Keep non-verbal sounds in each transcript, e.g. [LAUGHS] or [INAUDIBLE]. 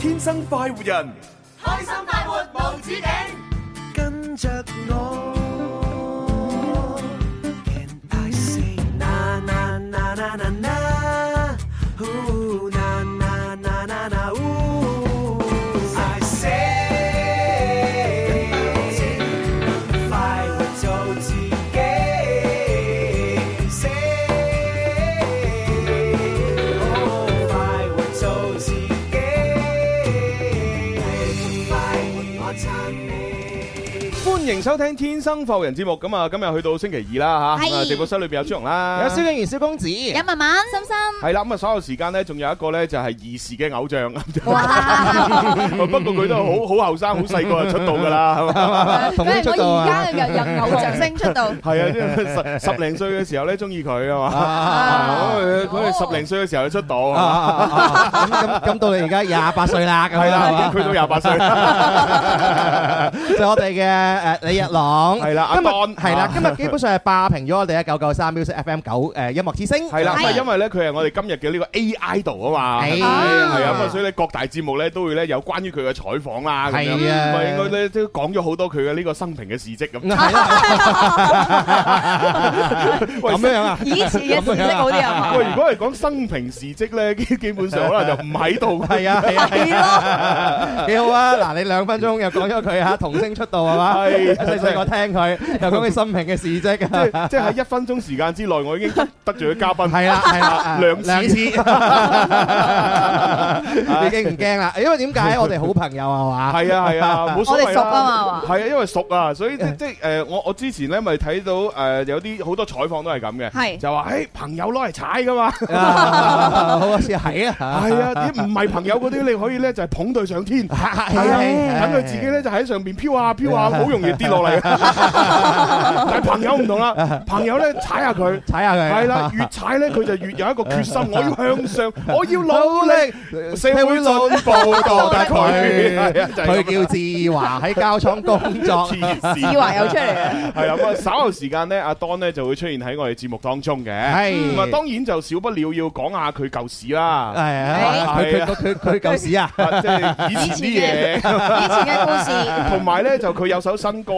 天生快活人，開心快活無止境，跟着我。收聽天生浮人節目咁啊，今日去到星期二啦吓，咁啊直播室裏邊有朱紅啦，有蕭敬堯、蕭公子，有文文、心心，係啦咁啊，所有時間咧，仲有一個咧就係兒時嘅偶像，不過佢都好好後生，好細個就出道噶啦，咁而家嘅偶像星出道，係啊，十零歲嘅時候咧中意佢啊嘛，佢十零歲嘅時候就出道，咁到你而家廿八歲啦，係啦，已經去到廿八歲，就我哋嘅誒你。日朗係啦，今日係啦，今日基本上係霸屏咗我哋一九九三 music FM 九誒音樂之星係啦，咁啊因為咧佢係我哋今日嘅呢個 AI 度啊嘛，係啊，咁啊所以咧各大節目咧都會咧有關於佢嘅採訪啦，係啊，咁啊應該咧都講咗好多佢嘅呢個生平嘅事蹟咁。喂，咁樣啊？以前嘅事蹟好啲啊嘛？喂，如果係講生平事蹟咧，基基本上可能就唔喺度，係啊，係啊，幾好啊！嗱，你兩分鐘又講咗佢啊，童星出道係嘛？細細個聽佢又講佢生平嘅事蹟，即係即係喺一分鐘時間之內，我已經得罪咗嘉賓，係啊係啊，兩次次，你驚唔驚啊？因為點解我哋好朋友係嘛？係啊係啊，冇所謂熟啊嘛，係啊，因為熟啊，所以即即誒，我我之前咧咪睇到誒有啲好多採訪都係咁嘅，就話誒朋友攞嚟踩噶嘛，好似係啊，係啊，啲唔係朋友嗰啲，你可以咧就捧對上天，係啊，等佢自己咧就喺上邊飄啊飄啊，好容易跌。落嚟嘅，但係朋友唔同啦。朋友咧踩下佢，踩下佢，係啦，越踩咧佢就越有一個決心。我要向上，我要努力，社會報道佢。佢叫志華，喺膠廠工作。志華又出嚟啦，係啊。咁啊，稍後時間咧，阿當咧就會出現喺我哋節目當中嘅。係，咁啊，當然就少不了要講下佢舊史啦。係啊，佢佢佢舊史啊，即係以前啲嘢，以前嘅故事。同埋咧，就佢有首新歌。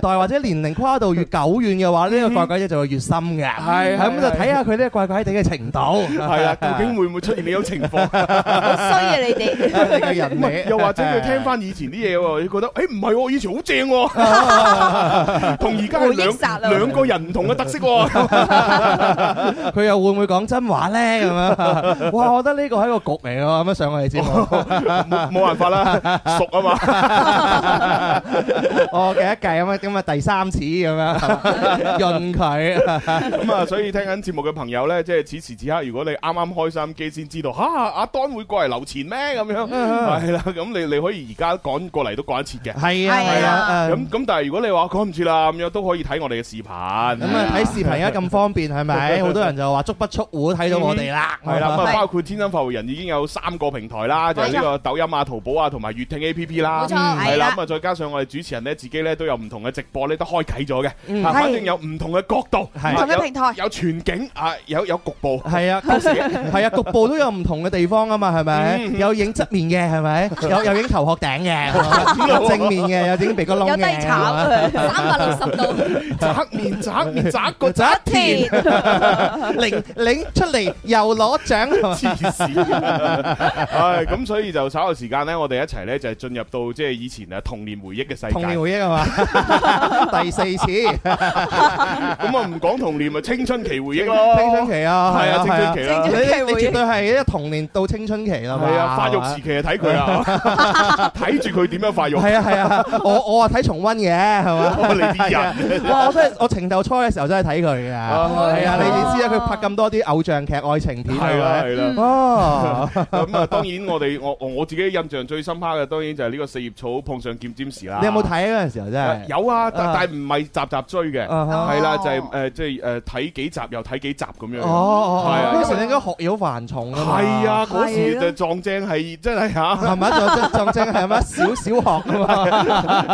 代或者年齡跨度越久遠嘅話，呢個怪怪地就會越深嘅。係，咁就睇下佢呢個怪怪地嘅程度。係啊，究竟會唔會出現呢種情況？我需要你哋嘅人嘅。又或者佢聽翻以前啲嘢喎，佢覺得誒唔係我以前好正喎，同而家好兩兩個人唔同嘅特色喎。佢又會唔會講真話咧？咁樣哇，我覺得呢個係一個局嚟嘅，咁樣上去你知冇？冇辦法啦，熟啊嘛。我幾得計咁樣點？咁啊第三次咁樣潤佢，咁啊所以聽緊節目嘅朋友呢，即係此時此刻，如果你啱啱開收音機先知道，嚇阿當會過嚟留錢咩？咁樣係啦，咁你你可以而家趕過嚟都過一次嘅，係啊，係啊，咁咁但係如果你話趕唔切啦，咁樣都可以睇我哋嘅視頻，咁啊睇視頻而家咁方便係咪？好多人就話足不出戶睇到我哋啦，係啦，咁啊包括天生發財人已經有三個平台啦，就係呢個抖音啊、淘寶啊同埋粵聽 A P P 啦，冇錯係啦，咁啊再加上我哋主持人呢，自己呢都有唔同嘅。直播咧都開啟咗嘅，反正有唔同嘅角度，唔同嘅平台，有全景啊，有有局部，係啊，同時係啊，局部都有唔同嘅地方啊嘛，係咪？有影側面嘅，係咪？有有影頭殼頂嘅，正面嘅，有影鼻哥窿嘅，有低產三百六十度，側面側面側面，就一甜，拎拎出嚟又攞獎，黐線，係咁，所以就稍後時間咧，我哋一齊咧就係進入到即係以前啊童年回憶嘅世界，童年回憶啊嘛。第四次，咁啊唔講童年咪青春期回憶咯，青春期啊，係啊，青春期啦，你你絕對係一童年到青春期啦，係啊，發育時期啊睇佢啊，睇住佢點樣發育，係啊係啊，我我啊睇重溫嘅係嘛，你啲人，我真係我情竇初嘅時候真係睇佢嘅，係啊，你點知啊，佢拍咁多啲偶像劇、愛情片，係啊，係啦，哦，咁啊，當然我哋我我自己印象最深刻嘅，當然就係呢個四葉草碰上劍尖時啦。你有冇睇嗰陣時候真係有啊？啊！但但唔係集集追嘅，係啦，就係誒，即係誒，睇幾集又睇幾集咁樣。哦，係啊，嗰陣時應該學業好繁重啊。係啊，嗰時就撞正係真係吓。係嘛，撞正撞正係嘛，小小學啊嘛，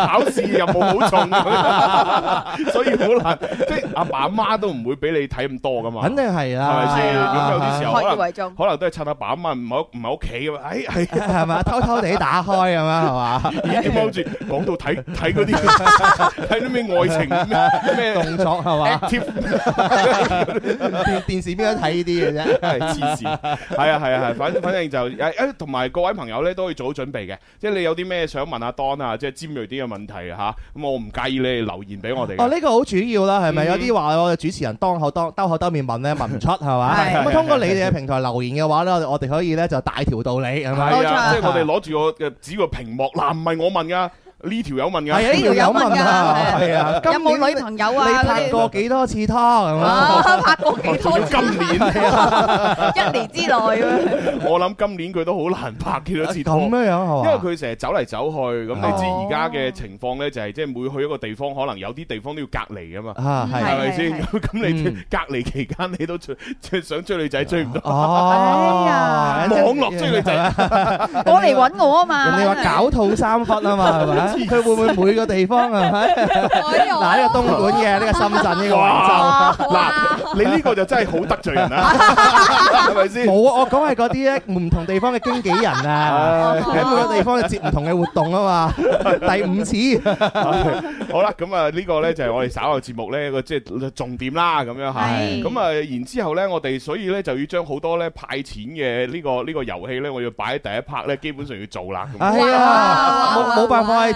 考試又冇好重，所以好難。即係阿爸阿媽都唔會俾你睇咁多噶嘛。肯定係啦，係咪先？有啲時候可能都係趁阿爸阿媽唔喺唔喺屋企啊嘛。哎，係係嘛，偷偷地打開咁樣係嘛。而家要住講到睇睇嗰啲。睇啲咩愛情咩動作係嘛？電視邊個睇呢啲嘅啫？係黐線，係啊係啊係。反反正就誒誒，同埋各位朋友咧都可以做好準備嘅，即係你有啲咩想問阿 Don 啊，即係尖銳啲嘅問題吓，咁我唔介意你留言俾我哋。哦，呢個好主要啦，係咪有啲話我哋主持人當口當兜口兜面問咧問唔出係嘛？咁啊，通過你哋嘅平台留言嘅話咧，我哋可以咧就大條道理係嘛？即係我哋攞住我只紙個屏幕，嗱唔係我問噶。呢條有問㗎，係啊，呢條有問㗎，係啊，有冇女朋友啊？你拍過幾多次拖？啊，拍過幾多次？今年，一年之內咧，我諗今年佢都好難拍幾多次拖。咁樣係嘛？因為佢成日走嚟走去，咁你知而家嘅情況咧，就係即係每去一個地方，可能有啲地方都要隔離㗎嘛。啊，係，係咪先？咁你隔離期間，你都追即係想追女仔追唔到。哦，網絡追女仔，過嚟揾我啊嘛！你話搞套三忽啊嘛，係咪？佢會唔會每個地方啊？嗱呢個東莞嘅，呢個深圳呢個。嗱你呢個就真係好得罪人啦，係咪先？冇啊，我講係嗰啲咧唔同地方嘅經紀人啊，喺每個地方嘅接唔同嘅活動啊嘛。第五次，好啦，咁啊呢個咧就係我哋稍後節目咧個即係重點啦，咁樣係。咁啊然之後咧，我哋所以咧就要將好多咧派錢嘅呢個呢個遊戲咧，我要擺喺第一拍咧，基本上要做啦。係啊，冇冇辦法。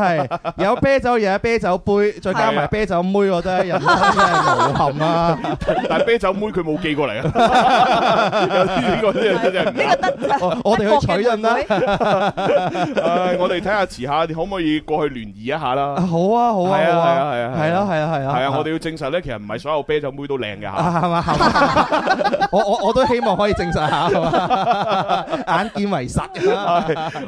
係有啤酒又有啤酒杯，再加埋啤酒妹，真係人真係無憾啊！但係啤酒妹佢冇寄過嚟啊！呢個呢個真係唔呢個得，我哋去取人啦。唉，我哋睇下遲下你可唔可以過去聯誼一下啦？好啊，好啊，係啊，係啊，係啊，係咯，係啊，係啊，係啊！我哋要證實咧，其實唔係所有啤酒妹都靚嘅吓，係嘛？我我我都希望可以證實下，眼見為實。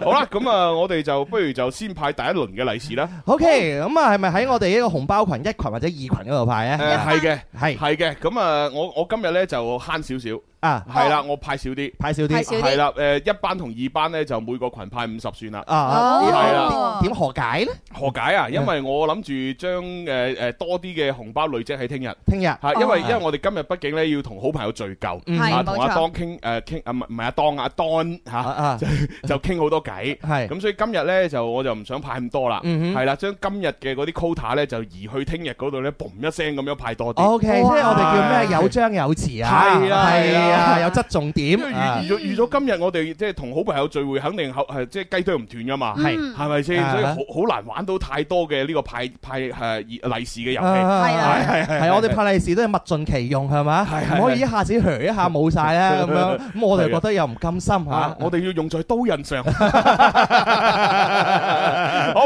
好啦，咁啊，我哋就不如就先派第一輪嘅。利、okay，嗯、是啦，OK，咁啊，係咪喺我哋呢個紅包群一群或者二群嗰度派咧？係嘅、呃，係係嘅，咁啊的、嗯，我我今日咧就慳少少。啊，係啦，我派少啲，派少啲，係啦，誒一班同二班咧就每個群派五十算啦。啊，哦，係啦，點何解咧？何解啊？因為我諗住將誒誒多啲嘅紅包累積喺聽日。聽日，係因為因為我哋今日畢竟咧要同好朋友聚舊，同阿當傾誒傾啊唔唔係阿當阿當嚇，就就傾好多偈。係咁，所以今日咧就我就唔想派咁多啦。嗯哼，係啦，將今日嘅嗰啲 quota 咧就移去聽日嗰度咧，嘣一聲咁樣派多啲。OK，即係我哋叫咩有張有弛啊？係啦，係啦。係有質重點預預預咗今日我哋即係同好朋友聚會，肯定係即係雞啄唔斷㗎嘛，係係咪先？所以好好難玩到太多嘅呢個派派誒利是嘅遊戲，係係係。係我哋派利是都係物盡其用，係嘛？唔可以一下子賀一下冇晒啦咁樣。咁我哋覺得又唔甘心嚇，我哋要用在刀刃上。好，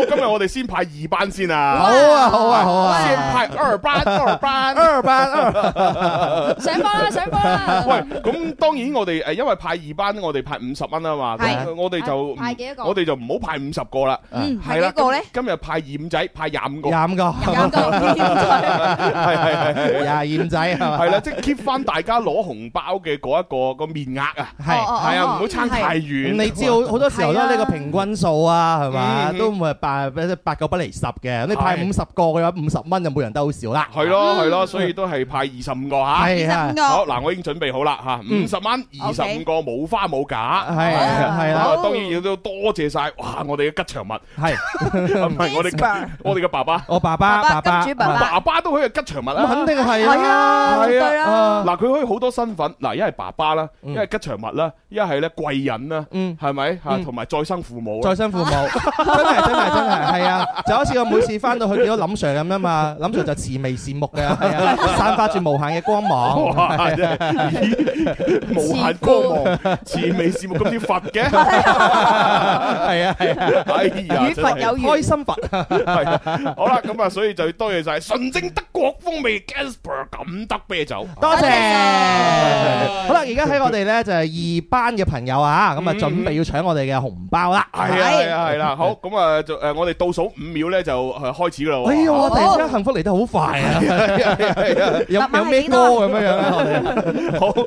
今日我哋先派二班先啊！好啊，好啊，好啊！先派二班，二班，二班，上班，啦，上班啦！喂。咁當然我哋誒，因為派二班，我哋派五十蚊啊嘛，我哋就我哋就唔好派五十個啦。嗯，係一個咧。今日派二五仔，派廿五個。廿五個，廿五個。係係廿五仔啊！係啦，即係 keep 翻，大家攞紅包嘅嗰一個個面額啊，係係啊，唔好差太遠。你知好多時候咧呢個平均數啊，係嘛都唔係八八九不離十嘅。你派五十個嘅話，五十蚊就每人都好少啦。係咯係咯，所以都係派二十五個吓，二十五個。好嗱，我已經準備好啦。吓五十蚊二十五個冇花冇假係係啦，當然要都多謝晒哇！我哋嘅吉祥物係唔係我哋我哋嘅爸爸，我爸爸爸爸金主爸爸都可以係吉祥物啊！肯定係啊係啊嗱，佢可以好多身份嗱，一係爸爸啦，一係吉祥物啦，一係咧貴人啦，係咪吓？同埋再生父母，再生父母真係真係真係係啊！就好似我每次翻到去見到林 Sir 咁啊嘛，林 Sir 就慈眉善目嘅，係啊，散發住無限嘅光芒。無限光芒，慈眉善目咁啲佛嘅，係啊係啊，哎呀，與佛有緣，開心佛系。好啦，咁啊，所以就要多謝晒純正德國風味 Gansper 咁得啤酒，多謝。好啦，而家喺我哋咧就係二班嘅朋友啊，咁啊準備要搶我哋嘅紅包啦。係啊係啊係啦，好，咁啊就誒，我哋倒數五秒咧就開始噶啦。哎喲，我突然間幸福嚟得好快啊！係啊係啊，有有咩歌咁樣樣？好。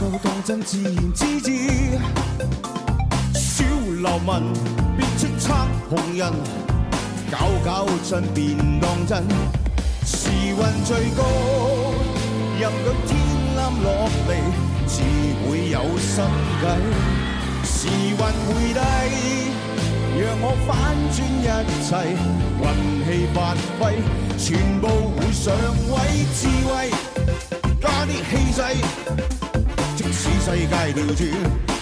夠當真自然之意，小流氓，變叱咤紅人，搞搞震便當真。時運最高，任舉天冧落嚟，自會有心計。時運回低，讓我反轉一切，運氣發揮，全部會上位，智慧加啲氣勢。使世界調轉，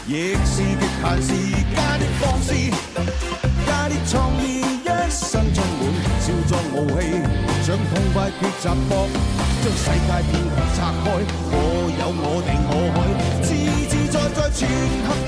亦是極限時間加啲放肆，加啲創意，一身充滿少壯傲氣，想痛快抉擇搏，將世界變刻拆開，我有我定我去，自自在在全黑。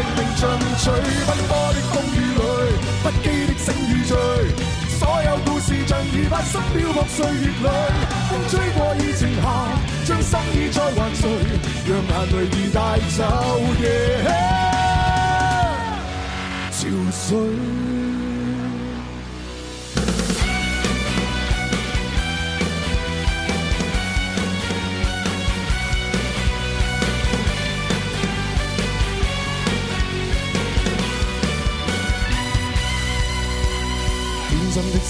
命像水，奔波的風雨裏，不羈的醒與醉，所有故事像已發生，飄落歲月裏。風吹過已靜下，將心意再還誰？讓眼淚已帶走夜憔悴。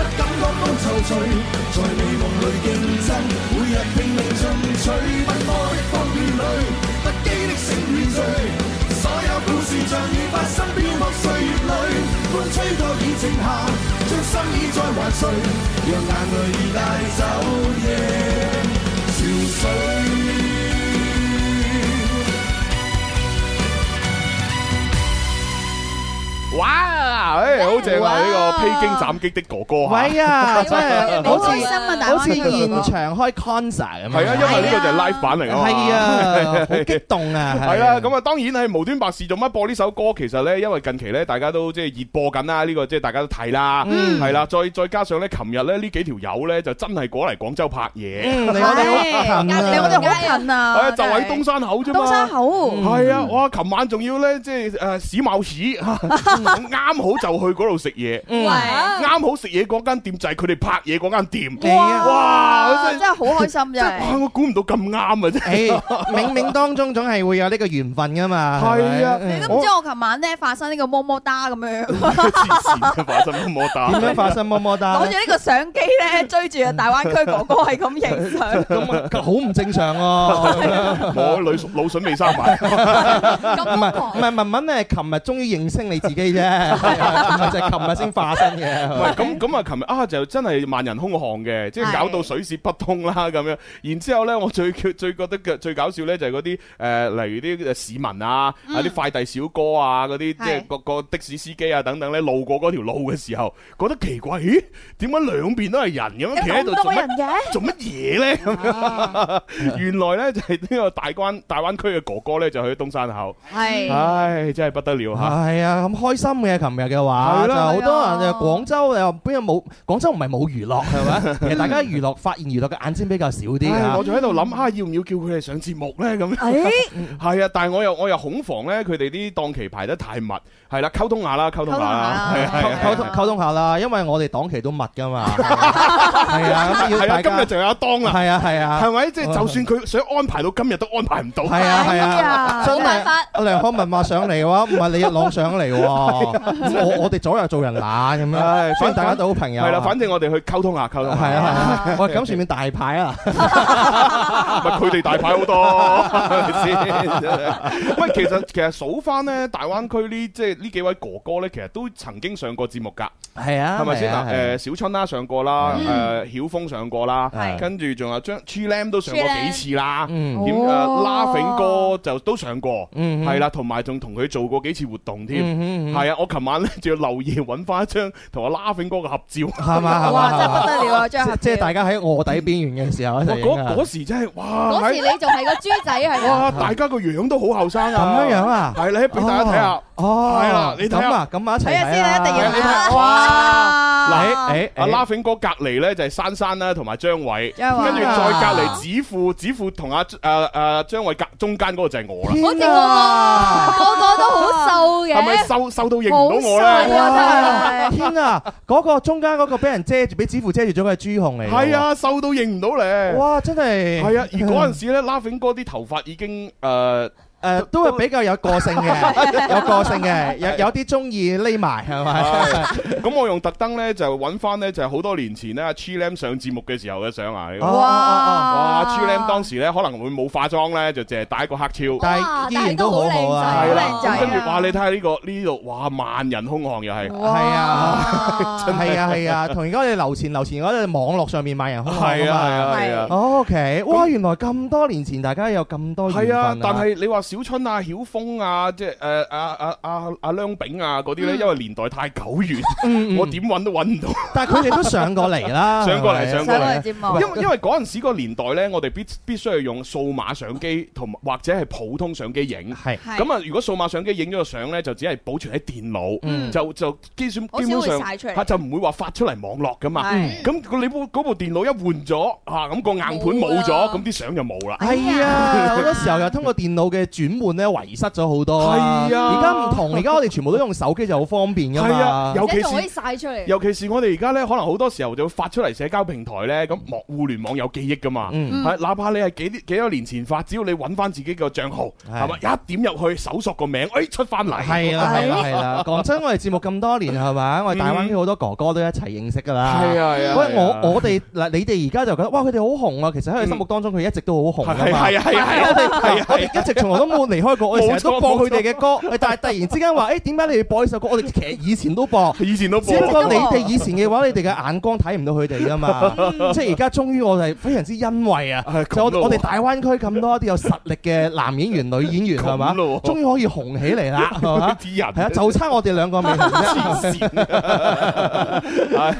不感覺多愁緒，在美夢裏競爭，每日拼命進取，奔波的風雨裏，不羈的醒與醉，所有故事像已發生，飄泊歲月裏，風吹過已靜下，將心意再還誰，讓眼淚帶走夜憔悴。哇！誒，好正啊，呢個披荊斬棘的哥哥嚇，喂啊！咩？好似新聞，好似現場開 concert 咁啊！係啊，因為呢個就係 live 版嚟啊嘛！係啊，好激動啊！係啊。咁啊，當然係無端白事做乜播呢首歌？其實咧，因為近期咧，大家都即係熱播緊啦，呢個即係大家都睇啦，係啦，再再加上咧，琴日咧呢幾條友咧就真係過嚟廣州拍嘢，離我哋好近啊！就喺東山口啫嘛！東山口係啊！哇！琴晚仲要咧，即係誒屎冒屎啱好就去嗰度食嘢，啱好食嘢嗰間店就係佢哋拍嘢嗰間店，哇哇真係好開心啫！哇，我估唔到咁啱啊！真係冥冥當中總係會有呢個緣分噶嘛，係啊！你都唔知我琴晚咧發生呢個麼么噠咁樣，發生么么噠，點樣發生麼么噠？攞住呢個相機咧追住大灣區哥哥係咁影相，咁好唔正常喎！我腦腦筍未生埋，唔係唔係，文文咧，琴日終於認識你自己。啫，就係琴日先發生嘅。唔係咁咁啊！琴日啊，就真係萬人空巷嘅，即係搞到水泄不通啦咁樣。然之後咧，我最最覺得最搞笑咧，就係嗰啲誒，例如啲市民啊，嗯、啊啲快遞小哥啊，嗰啲是即係個個的士司機啊等等咧，路過嗰條路嘅時候，覺得奇怪，咦？點解兩邊都係人咁樣企喺度做乜嘢咧？做呢啊、 [LAUGHS] 原來咧就係、是、呢個大灣大灣區嘅哥哥咧，就去東山口。係是，唉，真係不得了嚇。係啊、 [LAUGHS] 哎，咁開。心嘅，琴日嘅話就好多人，廣州又本有冇？廣州唔係冇娛樂係咪？其實大家娛樂，發現娛樂嘅眼睛比較少啲，我仲喺度諗下，要唔要叫佢哋上節目咧？咁係啊，但係我又我又恐防咧，佢哋啲檔期排得太密。係啦，溝通下啦，溝通下，係係溝通溝通下啦，因為我哋檔期都密㗎嘛，係啊，今日就有當啦，係啊係啊，係咪即係就算佢想安排到今日都安排唔到？係啊係啊，真係我梁可文話上嚟嘅話，唔係李日朗上嚟喎。我我哋左右做人難咁樣，所以大家都好朋友。係啦，反正我哋去溝通下溝通係啊。喂，咁算面大牌啊？唔係佢哋大牌好多先。喂，其實其實數翻咧，大灣區呢即係呢幾位哥哥咧，其實都曾經上過節目噶。係啊，係咪先嗱？誒，小春啦上過啦，誒，曉峰上過啦，跟住仲有張 Chilam 都上過幾次啦。嗯。點誒，Laughing 哥就都上過。嗯。係啦，同埋仲同佢做過幾次活動添。係啊！我琴晚咧仲要留意揾翻一張同阿 Laughing 哥嘅合照，係嘛？哇！真係不得了啊！張即係大家喺臥底邊緣嘅時候，嗰嗰時真係哇！嗰時你仲係個豬仔係嘛？哇！大家個樣都好後生啊！咁樣樣啊！係啦，俾大家睇下。哦，係啦，你睇啊，咁啊一齊。嗱，誒，Laughing 哥隔籬咧就係珊珊啦，同埋張偉，跟住再隔籬子父，子父同阿誒誒張偉隔中間嗰個就係我啦。好似我個個個都好瘦嘅，係咪瘦瘦？都認唔到我咧！哇是天啊，嗰 [LAUGHS] 個中間嗰個俾人遮住，俾紙符遮住咗，佢係朱紅嚟。係啊，瘦到認唔到你。哇！真係。係啊， [LAUGHS] 而嗰陣時咧 [LAUGHS] ，Laughing 哥啲頭髮已經誒。呃誒，都係比較有個性嘅，有個性嘅，有有啲中意匿埋係咪？咁我用特登咧就揾翻咧，就係好多年前咧，Tree Lam 上節目嘅時候嘅相啊！哇哇，Tree Lam 當時咧可能會冇化妝咧，就淨係戴一個黑超，但係依然都好好靚仔，跟住哇！你睇下呢個呢度，哇萬人空巷又係，係啊，係啊，係啊，同而家你樓前樓前嗰啲網絡上面萬人空巷啊嘛，係啊係啊，OK，哇！原來咁多年前大家有咁多緣啊，但係你話。小春啊、曉峯啊、即係誒、阿阿阿阿梁炳啊嗰啲咧，因為年代太久遠，我點揾都揾唔到。但係佢哋都上過嚟啦，上過嚟上過嚟節目。因因為嗰陣時嗰個年代咧，我哋必必須係用數碼相機同或者係普通相機影。係咁啊，如果數碼相機影咗個相咧，就只係保存喺電腦，就就基本基本上嚇就唔會話發出嚟網絡噶嘛。咁你部嗰部電腦一換咗嚇，咁個硬盤冇咗，咁啲相就冇啦。係啊，好多時候又通過電腦嘅。轉換咧，遺失咗好多。係啊，而家唔同，而家我哋全部都用手機就好方便㗎嘛。係啊，尤其是曬出嚟。尤其是我哋而家咧，可能好多時候就會發出嚟社交平台咧，咁網互聯網有記憶㗎嘛。嗯。係，哪怕你係幾多幾多年前發，只要你揾翻自己個帳號，係嘛，一點入去搜索個名，哎，出翻嚟。係啦，係啦。講真，我哋節目咁多年係咪？我哋大灣區好多哥哥都一齊認識㗎啦。係啊係啊。喂，我我哋嗱，你哋而家就覺得哇，佢哋好紅啊！其實喺佢心目當中，佢一直都好紅㗎嘛。係啊係啊係啊！一直從來都。我冇離開過，我成日都播佢哋嘅歌，但係突然之間話，誒點解你哋播呢首歌？我哋其實以前都播，以前都播。只不過你哋以前嘅話，你哋嘅眼光睇唔到佢哋㗎嘛。即係而家終於我哋非常之欣慰啊！我哋大灣區咁多一啲有實力嘅男演員、女演員係嘛，終於可以紅起嚟啦！啲人係啊，就差我哋兩個未紅。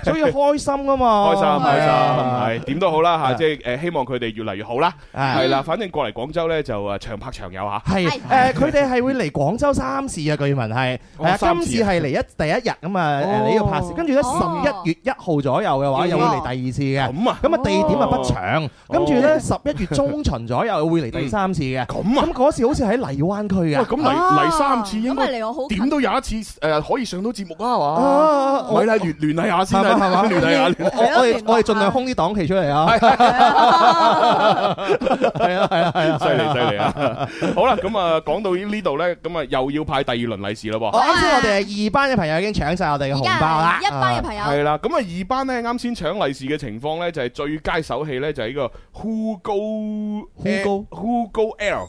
所以開心啊嘛！開心開心！係點都好啦嚇，即係誒希望佢哋越嚟越好啦。係啦，反正過嚟廣州咧就誒長拍長有嚇。係，誒佢哋係會嚟廣州三次嘅，據聞係，係啊，今次係嚟一第一日咁啊，呢個拍攝，跟住咧十一月一號左右嘅話，又會嚟第二次嘅，咁啊，咁啊地點啊不長，跟住咧十一月中旬左右會嚟第三次嘅，咁，咁嗰次好似喺荔灣區嘅，咁嚟嚟三次應該嚟我好，點都有一次誒可以上到節目啊，係嘛？係啦，聯聯繫下先係嘛，聯繫下，我哋我哋盡量空啲檔期出嚟啊，係啊係啊係啊，犀利犀利啊，好啦。咁啊，講 [LAUGHS] 到呢度呢，咁啊又要派第二輪利是啦喎！啱先、啊、我哋係二班嘅朋友已經搶晒我哋嘅紅包、啊、啦，一班嘅朋友係啦，咁啊二班呢啱先搶利是嘅情況呢，就係最佳手氣呢、欸，就係呢 H 個 Who go Who go Who go L。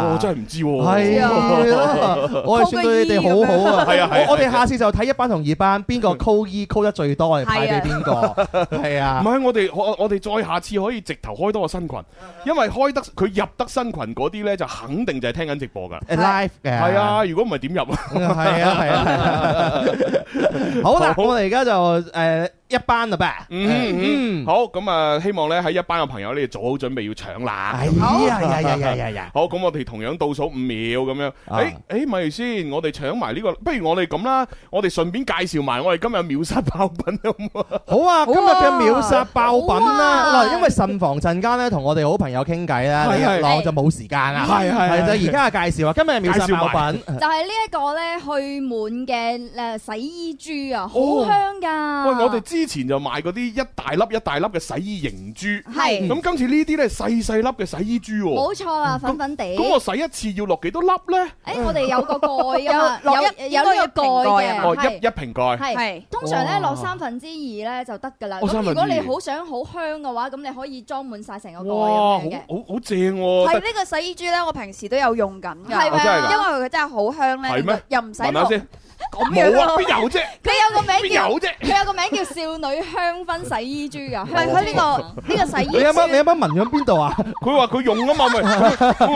我真係唔知喎，係咯，我係算對你哋好好啊，係啊，我哋下次就睇一班同二班邊個 call E call 得最多，派俾邊個？係啊，唔係我哋我哋再下次可以直頭開多個新群，因為開得佢入得新群嗰啲咧，就肯定就係聽緊直播㗎，live 嘅。係啊，如果唔係點入啊？係啊，係啊，好啦，我哋而家就誒。一班啊噃。嗯嗯，好咁啊，希望咧喺一班嘅朋友咧做好準備，要搶啦，係啊，係啊，係啊，係好咁，我哋同樣倒數五秒咁樣，誒誒，咪先，我哋搶埋呢個，不如我哋咁啦，我哋順便介紹埋我哋今日秒殺爆品咁好啊，今日嘅秒殺爆品啦，嗱，因為慎防，陣間咧同我哋好朋友傾偈啦，李日朗就冇時間啊，係係，就而家嘅介紹啊，今日秒殺爆品，就係呢一個咧去蟎嘅誒洗衣珠啊，好香噶，喂，我哋知。之前就賣嗰啲一大粒一大粒嘅洗衣凝珠，係咁今次呢啲咧細細粒嘅洗衣珠，冇錯啊，粉粉地。咁嗰個洗一次要落幾多粒咧？誒，我哋有個蓋啊，嘛，有有呢個蓋嘅，落一一瓶蓋。係通常咧落三分之二咧就得噶啦。咁如果你好想好香嘅話，咁你可以裝滿晒，成個蓋啊。好好正喎！係呢個洗衣珠咧，我平時都有用緊噶，係咪？因為佢真係好香咧，又唔使落。咁樣啊？佢有啫？佢有個名叫少女香薰洗衣珠㗎，佢呢個呢個洗衣珠。你阿媽你阿媽聞響邊度啊？佢話佢用啊嘛，咪咪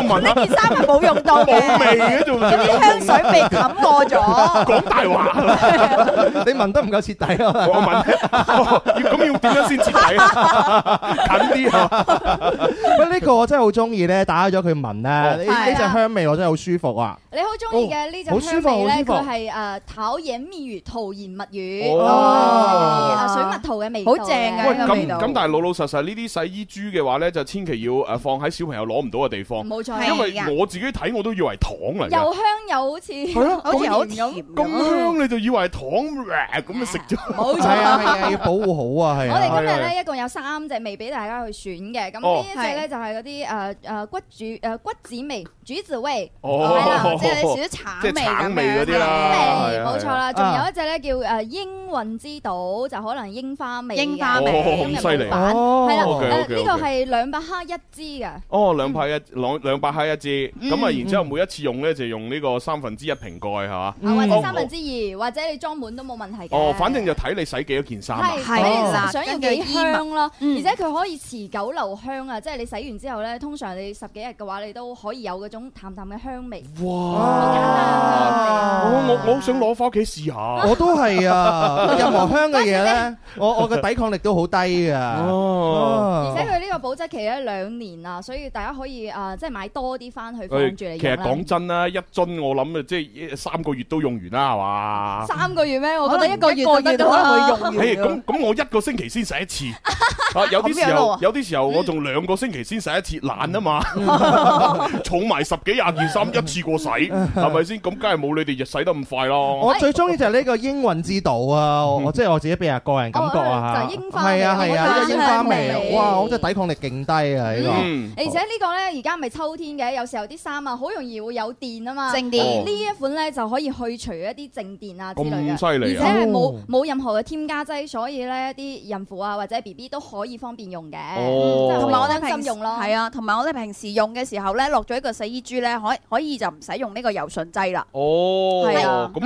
聞。呢件衫冇用到嘅，味嘅仲。佢啲香水被冚過咗。講大話，你聞得唔夠徹底啊？我聞，要咁要點樣先徹底近啲啊？喂，呢個我真係好中意咧，打開咗佢聞咧，呢呢隻香味我真係好舒服啊！你好中意嘅呢隻香味咧，佢係誒。討野蜜如桃言蜜語，哦，水蜜桃嘅味好正嘅味道。咁咁，但係老老實實呢啲洗衣珠嘅話咧，就千祈要誒放喺小朋友攞唔到嘅地方。冇錯，係。因為我自己睇我都以為糖嚟。又香又好似，好似好甜。咁樣你就以為係糖，咁啊食咗。冇錯，係要保護好啊，係。我哋今日咧一共有三隻味俾大家去選嘅，咁呢隻咧就係嗰啲誒誒骨主誒骨子味，主子味，即係少啲橙味咁樣。冇錯啦，仲有一隻咧叫誒櫻運之島，就可能櫻花味嘅櫻花味，好犀利，係啦，誒呢個係兩百克一支嘅。哦，兩批一兩兩百克一支，咁啊，然之後每一次用咧就用呢個三分之一瓶蓋係嘛，或者三分之二，或者你裝滿都冇問題嘅。哦，反正就睇你洗幾多件衫，係，係，想要幾香咯，而且佢可以持久留香啊，即係你洗完之後咧，通常你十幾日嘅話，你都可以有嗰種淡淡嘅香味。哇！我我我好想～攞翻屋企試下，我都係啊！任何香嘅嘢咧，我我嘅抵抗力都好低啊！哦，而且佢呢個保質期咧兩年啊，所以大家可以啊，即係買多啲翻去放住你。其實講真啦，一樽我諗啊，即係三個月都用完啦，係嘛？三個月咩？我覺得一個月都得啦。嘿，咁咁我一個星期先洗一次，有啲時候有啲時候我仲兩個星期先洗一次，懶啊嘛，儲埋十幾廿件衫一次過洗，係咪先？咁梗係冇你哋日洗得咁快囉。我最中意就係呢個英運之道啊！我即係我自己畀下個人感覺啊嚇，就櫻花味，係啊係啊，櫻花味，哇！我真係抵抗力勁低啊呢個，而且呢個咧而家咪秋天嘅，有時候啲衫啊好容易會有電啊嘛，靜電呢一款咧就可以去除一啲靜電啊之類嘅，犀利，而且係冇冇任何嘅添加劑，所以咧啲孕婦啊或者 B B 都可以方便用嘅，同埋我咧慎用咯，係啊，同埋我哋平時用嘅時候咧落咗一個洗衣珠咧可可以就唔使用呢個柔順劑啦，哦，係啊。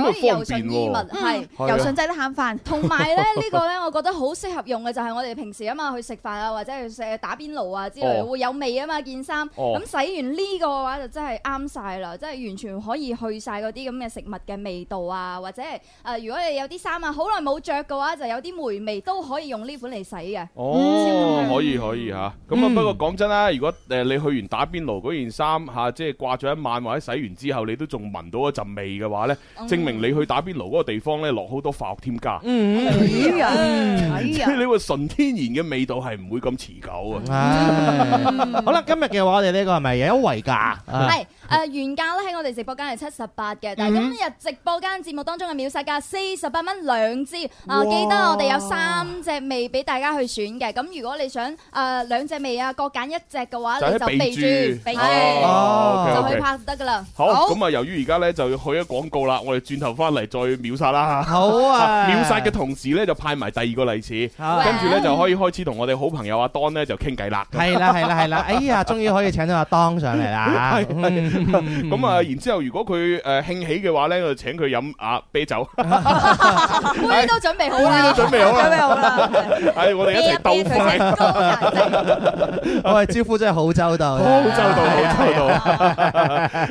油順衣物係油順劑都慳飯，同埋咧呢個咧，我覺得好適合用嘅就係我哋平時啊嘛去食飯啊，或者去食打邊爐啊之類，會有味啊嘛件衫。咁洗完呢個嘅話，就真係啱晒啦，即係完全可以去晒嗰啲咁嘅食物嘅味道啊，或者係誒，如果你有啲衫啊好耐冇着嘅話，就有啲霉味，都可以用呢款嚟洗嘅。哦，可以可以吓，咁啊不過講真啦，如果誒你去完打邊爐嗰件衫吓，即係掛咗一晚或者洗完之後，你都仲聞到一陣味嘅話咧，證明。你去打邊爐嗰個地方咧，落好多化學添加。嗯嗯，啲人、 [LAUGHS] 嗯，即係你話純天然嘅味道係唔會咁持久啊。好啦，今日嘅話，我哋呢個係咪有優惠價？係是。誒，原價咧，喺我哋直播間係七十八嘅，但係今日直播間節目當中嘅秒殺價四十八蚊兩支。啊，記得我哋有三隻味俾大家去選嘅。咁如果你想誒兩隻味啊，各揀一隻嘅話，你就備住，係就可以拍得噶啦。好，咁啊，由於而家咧就要去咗廣告啦，我哋轉頭翻嚟再秒殺啦吓。好啊！秒殺嘅同時咧就派埋第二個例子，跟住咧就可以開始同我哋好朋友阿當咧就傾偈啦。係啦，係啦，係啦，哎呀，終於可以請到阿當上嚟啦。咁啊，然之後如果佢誒興起嘅話咧，就請佢飲啊啤酒，杯都準備好啦，準備好啦，準備好啦，係我哋一齊鬥快，喂，招呼真係好周到，好周到，好周到。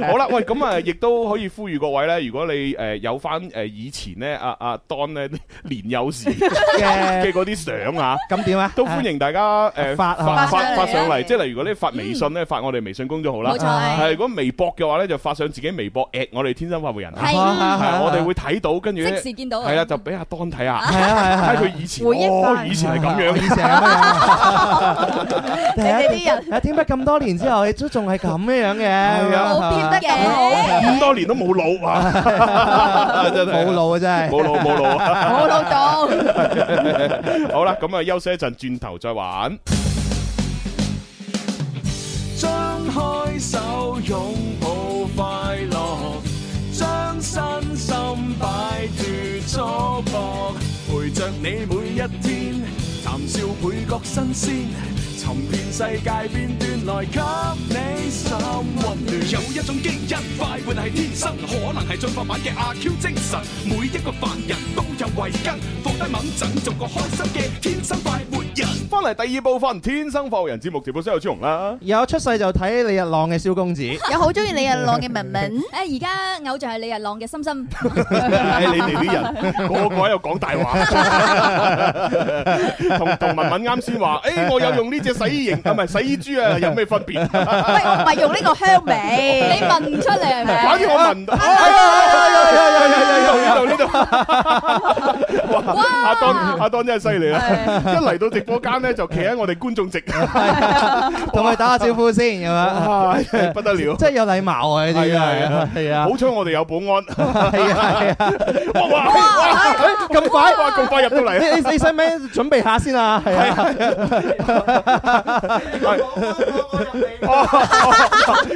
好啦，喂，咁啊，亦都可以呼籲各位咧，如果你誒有翻誒以前咧啊阿當咧年幼時嘅嗰啲相啊，咁點啊？都歡迎大家誒發發發上嚟，即係例如果你發微信咧，發我哋微信公眾號啦，冇錯，係如果微博嘅話咧，就發上自己微博 at 我哋天生發會人，係啊，我哋會睇到，跟住即時見到，係啦，就俾阿當睇下，睇佢以前，回憶翻以前係咁樣，以前啊，呢啲人啊，點解咁多年之後，都仲係咁樣嘅，冇變得嘅，咁多年都冇老啊，冇老啊真係，冇老冇老，冇老到，好啦，咁啊，休息一陣，轉頭再玩。開手，擁抱快樂，將身心擺脫束縛。陪着你每日。照配覺新鮮，尋遍世界片段來給你心溫暖。有一種基因快活係天生，可能係進化版嘅阿 Q 精神。每一個凡人都有遺根，放低掹緊，做個開心嘅天生快活人。翻嚟第二部分，天生快活人節目直播需要超紅啦。有出世就睇李日朗嘅小公子，有好中意李日朗嘅明明。誒，而家偶像係李日朗嘅心心。睇你哋啲人個個喺度講大話，同同文文啱先話，誒我有用呢隻洗衣液，唔係洗衣珠啊，有咩分別？唔係用呢個香味，你聞唔出嚟係咪？反正我聞到，阿當阿當真係犀利啊！一嚟到直播間咧，就企喺我哋觀眾席，同佢打下招呼先咁樣，不得了，真係有禮貌啊！呢啲係啊啊！好彩我哋有保安，係啊哇咁快，咁快入到嚟，你使唔使準備下先啊？啊，係啊，係，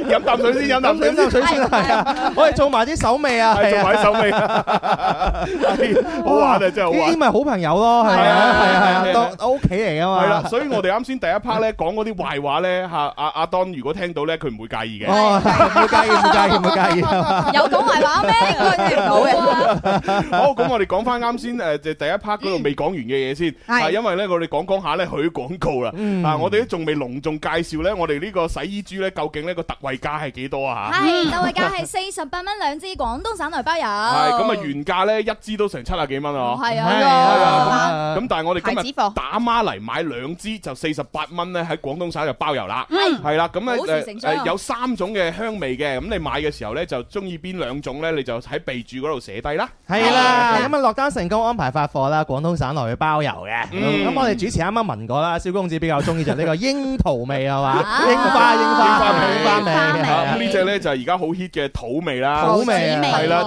飲啖水先，飲啖水先，水先係啊，我哋做埋啲手尾啊，做埋啲手尾，哇！真係，呢啲咪好朋友咯，係啊係啊係啊，屋屋企嚟噶嘛。係啦，所以我哋啱先第一 part 咧講嗰啲壞話咧吓，阿阿當如果聽到咧，佢唔會介意嘅，唔會介意，唔會介意，唔會介意，有講壞話咩？聽到嘅。好，咁我哋講翻啱先誒，即係第一 part 嗰度未講完嘅嘢先，係因為咧我哋。講講下咧佢廣告啦，啊，我哋都仲未隆重介紹咧，我哋呢個洗衣珠咧究竟呢個特惠價係幾多啊？吓，係特惠價係四十八蚊兩支，廣東省內包郵。係咁啊，原價咧一支都成七啊幾蚊哦。係啊，啊，咁但係我哋今日打孖嚟買兩支就四十八蚊咧，喺廣東省就包郵啦。係係啦，咁咧有三種嘅香味嘅，咁你買嘅時候咧就中意邊兩種咧，你就喺備注嗰度寫低啦。係啦，咁啊落單成功安排發貨啦，廣東省內去包郵嘅。咁我哋。主持啱啱聞過啦，小公子比較中意就呢個櫻桃味係嘛？櫻花櫻花花櫻花味咁呢隻咧就係而家好 hit 嘅土味啦，土味係啦，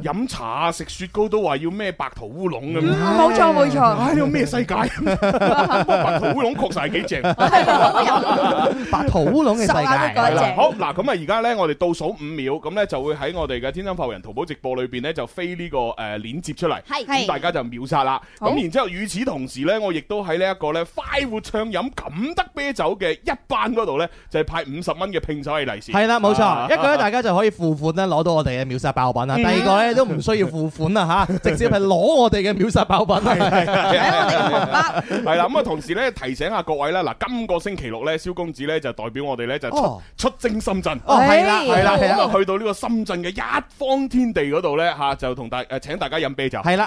即係飲茶啊、食雪糕都話要咩白桃烏龍咁樣，冇錯冇錯呢唉，咩世界？白桃烏龍確實係幾正，白桃烏龍嘅世界啦。好，嗱，咁啊，而家咧我哋倒數五秒，咁咧就會喺我哋嘅天生發人淘寶直播裏邊咧就飛呢個誒鏈接出嚟，咁大家就秒殺啦。咁然之後，與此同時咧，我亦都係。喺呢一個咧快活暢飲咁得啤酒嘅一班嗰度咧，就係派五十蚊嘅拼手氣利是。係啦，冇錯，一個咧大家就可以付款咧攞到我哋嘅秒殺爆品啊。第二個咧都唔需要付款啦吓，直接係攞我哋嘅秒殺爆品，攞係啦，咁啊同時咧提醒下各位啦，嗱，今個星期六咧，蕭公子咧就代表我哋咧就出征深圳。哦，係啦，係啦，咁啊去到呢個深圳嘅一方天地嗰度咧吓，就同大誒請大家飲啤酒。係啦，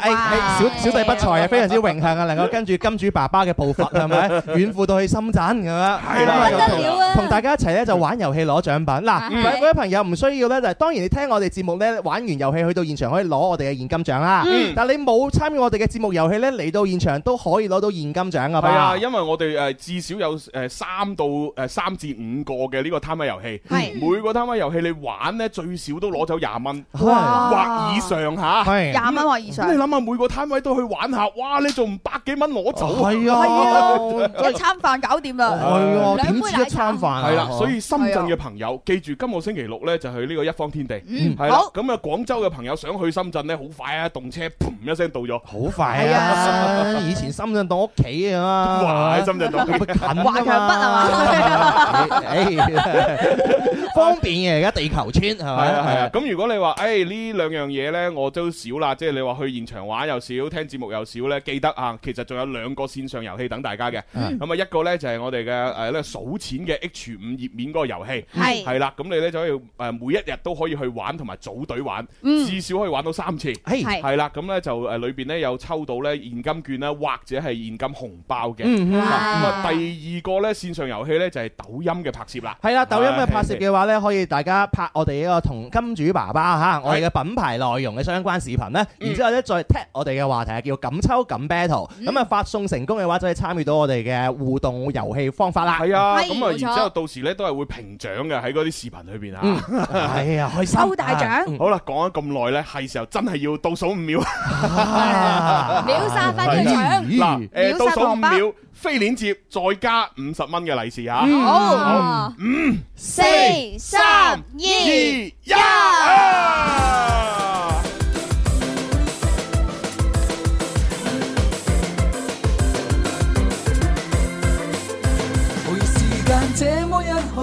誒小小弟不才啊，非常之榮幸啊，能夠跟住金主爸爸嘅步伐係咪遠赴到去深圳咁樣？係啦，同大家一齊咧就玩遊戲攞獎品。嗱，嗰啲朋友唔需要咧，就當然你聽我哋節目咧，玩完遊戲去到現場可以攞我哋嘅現金獎啦。但係你冇參與我哋嘅節目遊戲咧，嚟到現場都可以攞到現金獎㗎嘛。係啊，因為我哋誒至少有誒三到誒三至五個嘅呢個攤位遊戲，每個攤位遊戲你玩咧最少都攞走廿蚊或以上嚇，廿蚊或以上。你諗下每個攤位都去玩下，哇！你仲百幾蚊攞走。係啊，一餐飯搞掂啦。係啊，點止一餐飯啊？係啦，所以深圳嘅朋友記住，今個星期六咧就去呢個一方天地。係啦，咁啊廣州嘅朋友想去深圳咧，好快啊，動車嘭一聲到咗。好快啊！以前深圳到屋企啊嘛，喺深圳到近啊嘛，方便嘅，而家地球村係嘛？係啊係啊。咁如果你話誒呢兩樣嘢咧，我都少啦，即係你話去現場玩又少，聽節目又少咧。記得啊，其實仲有兩個先。線上遊戲等大家嘅，咁啊一個咧就係我哋嘅誒咧數錢嘅 H 五頁面個遊戲。係啦，咁是你咧就可以誒每一日都可以去玩同埋組隊玩，嗯、至少可以玩到三次係。係啦，咁咧是就誒裏邊咧有抽到咧現金券啦或者係現金紅包嘅，咁、嗯、啊，啊第二個咧線上遊戲咧就係抖音嘅拍攝啦，係啦，抖音嘅拍攝嘅話咧可以大家拍我哋一個同金主爸爸吓的我哋嘅品牌內容嘅相關視頻咧，的然之後咧再 tag 我哋嘅話題叫錦抽錦 battle，咁啊、嗯、發送成嘅話就係參與到我哋嘅互動遊戲方法啦。係啊，咁啊，然之後到時咧都係會評獎嘅喺嗰啲視頻裏邊啊。係啊，開抽大獎。好啦，講咗咁耐咧，係時候真係要倒數五秒。秒殺快啲搶！嗱，誒，倒數五秒，飛鏈接再加五十蚊嘅利是啊！好，五、四、三、二、一。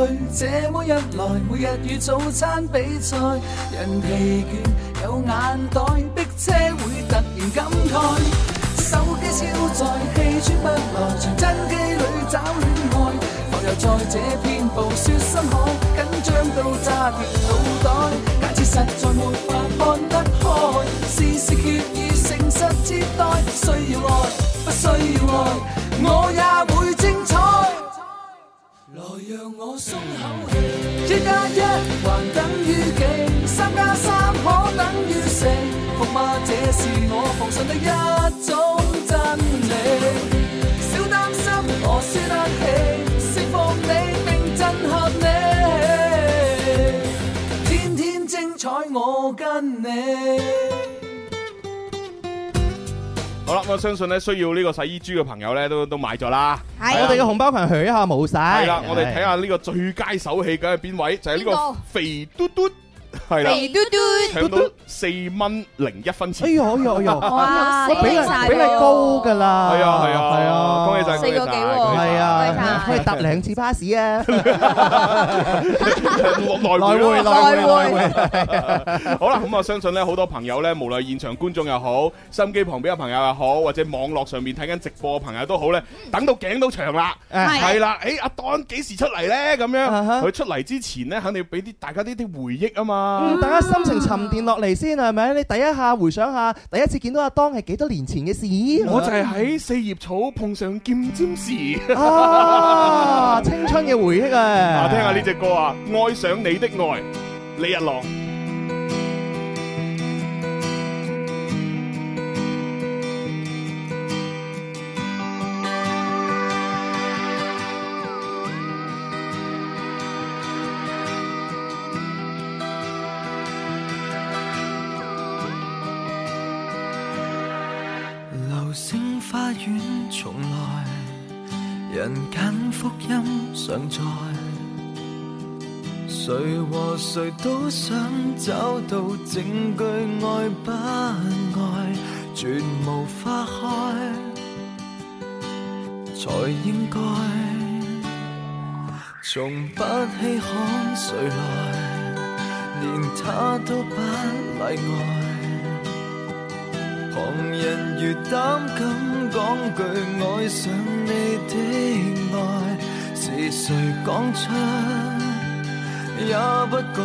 這麼一來，每日與早餐比賽，人疲倦，有眼袋，逼車會突然感慨，手機超載，氣喘不來，傳真機裏找戀愛，我又在這片暴雪深海，緊張到炸斷腦袋，假設實在沒法看得開，絲絲血意，誠實接待，需要愛，不需要愛，我也會精彩。來讓我鬆口氣，一加一還等於幾？三加三可等於四？伏馬，這是我奉上的一種真。我相信咧需要呢個洗衣珠嘅朋友咧都都買咗啦。啊、我哋嘅紅包朋友，許一下冇晒。係啦，啊啊、我哋睇下呢個最佳手氣梗係邊位？就係、是、呢個肥嘟嘟。係啦，長到四蚊零一分錢。哎喲，哎喲，哎喲，哇，俾你俾你高噶啦！係啊，係啊，係啊，恭喜晒四個幾喎，係啊，可以搭兩次巴士啊，來來回來回。好啦，咁我相信咧，好多朋友咧，無論現場觀眾又好，收音機旁邊嘅朋友又好，或者網絡上面睇緊直播嘅朋友都好咧，等到頸都長啦，係啦，誒，阿當幾時出嚟咧？咁樣，佢出嚟之前咧，肯定要俾啲大家啲啲回憶啊嘛。啊、大家心情沉澱落嚟先係咪？你第一下回想下，第一次見到阿當係幾多年前嘅事？我就係喺四葉草碰上劍尖時、啊、 [LAUGHS] 青春嘅回憶啊！聽下呢隻歌啊，歌《愛上你的愛》，李日朗。福音尚在，誰和誰都想找到證據愛不愛，絕無花開才應該，從不稀罕誰來，連他都不例外。旁人如膽敢講句愛上你的愛。是誰講出也不改，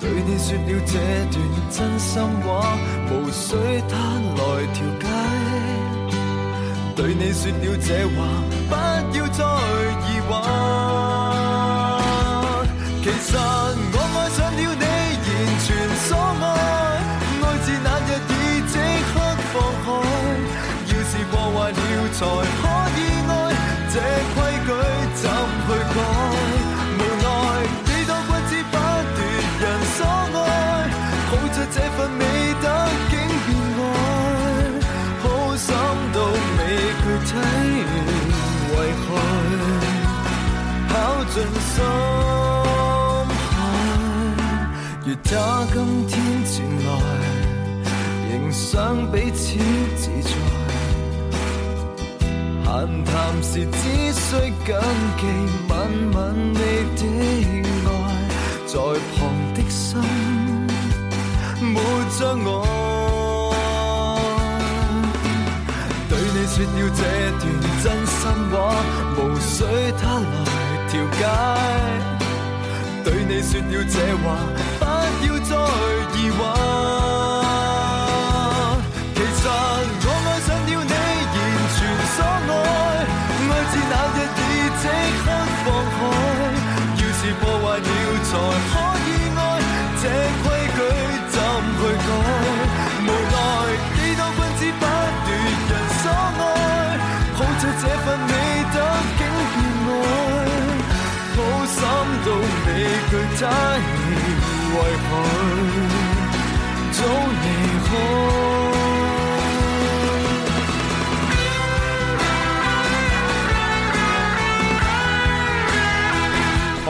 對你説了這段真心話，無需他來調解。對你説了這話，不要再疑惑。其實。假、啊、今天前來，仍想彼此自在。閒談時只需緊記，吻吻你的愛，在旁的心沒將我對你説了這段真心話，無需他來調解。對你説了這話。要再疑惑，其實我愛上了你，完全所愛。愛自那日已即刻放開，要是破壞了才可以愛，這規矩怎去改？無奈，幾多君子不奪人所愛，抱着這份美德，竟見愛，好心到未具體。早離開。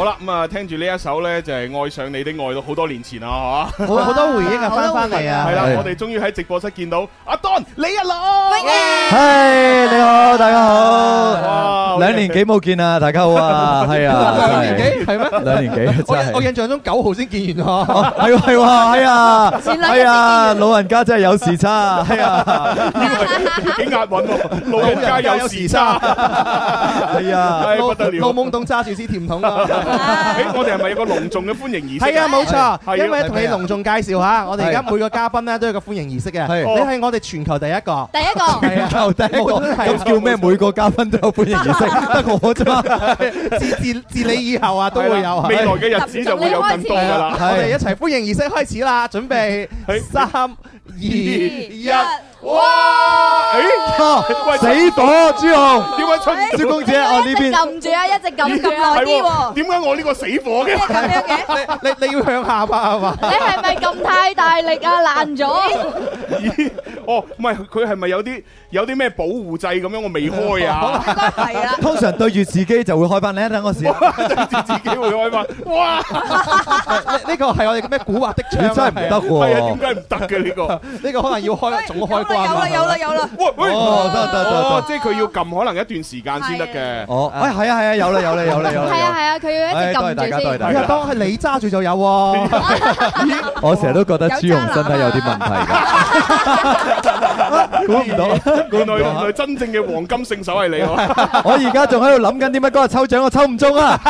好啦，咁啊，聽住呢一首咧，就係愛上你的愛到好多年前啊，吓，好多回憶啊，翻翻嚟啊，係啦，我哋終於喺直播室見到阿 Don 李日朗。係，你好，大家好，兩年幾冇見啊，大家好啊，兩年幾係咩？兩年幾，我我印象中九號先見完嗬。係喎，係喎，係啊，係啊，老人家真係有時差，係啊，幾押韻喎，老人家有時差，係啊，老懵懂揸住支甜筒啊。我哋係咪有個隆重嘅歡迎儀式？係啊，冇錯。因為同你隆重介紹下，我哋而家每個嘉賓咧都有個歡迎儀式嘅。你係我哋全球第一個，第一個，全球第一個。咁叫咩？每個嘉賓都有歡迎儀式，得我啫。自自自你以後啊，都會有。未來嘅日子就會有更多噶啦。我哋一齊歡迎儀式開始啦！準備，三、二、一。哇！哎，死火朱浩，點解陳朱公子我呢邊一直撳住啊，一直撳住，係喎。點解我呢個死火嘅？咁樣嘅，你你要向下拍，係嘛？你係咪撳太大力啊？爛咗？咦？哦，唔係，佢係咪有啲有啲咩保護制咁樣？我未開啊。係啊。通常對住自己就會開翻，你啊等我試下。對住自己會開翻。哇！呢呢個係我哋咩古惑的槍？真係唔得喎！點解唔得嘅呢個？呢個可能要開，仲開。有啦有啦有啦，哇喂，哦得得得，即係佢要撳可能一段時間先得嘅，哦，係啊係啊，有啦有啦有啦有，係啊係啊，佢要一直撳住，多謝大家，多謝大家。其實當係你揸住就有，我成日都覺得朱紅身體有啲問題㗎。估唔到，原來原來真正嘅黃金聖手係你，我我而家仲喺度諗緊點解嗰日抽獎我抽唔中啊？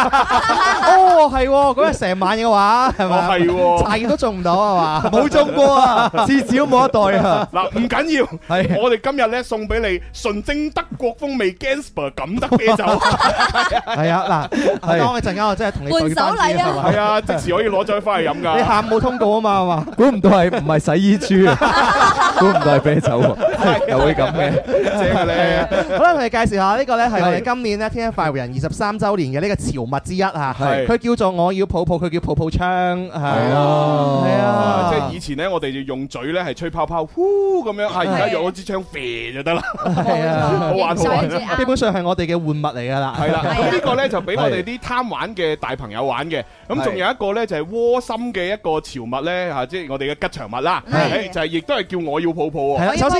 哦，係，嗰日成晚嘅話係嘛？係，茶葉都中唔到係嘛？冇中過啊，至少冇一袋啊。嗱，唔緊要，係我哋今日咧送俾你純正德國風味 Gansbar 錦德啤酒，係啊嗱，我等陣間我真係同你換手禮啊，係啊，即時可以攞樽翻去飲㗎。你喊冇通告啊嘛，係嘛？估唔到係唔係洗衣珠啊？估唔到係啤酒。又會咁嘅，謝晒你。好啦，同你介紹下呢個咧，係我哋今年呢《天天快活人》二十三周年嘅呢個潮物之一吓。係佢叫做「我要抱抱」，佢叫抱抱槍。係啊，係啊。即係以前呢，我哋就用嘴咧係吹泡泡，呼咁樣。係而家用支槍射就得啦。係啊，好玩好玩。基本上係我哋嘅玩物嚟噶啦。係啦。咁呢個咧就俾我哋啲貪玩嘅大朋友玩嘅。咁仲有一個咧就係窩心嘅一個潮物咧吓，即係我哋嘅吉祥物啦。係就係亦都係叫我要抱抱。首先。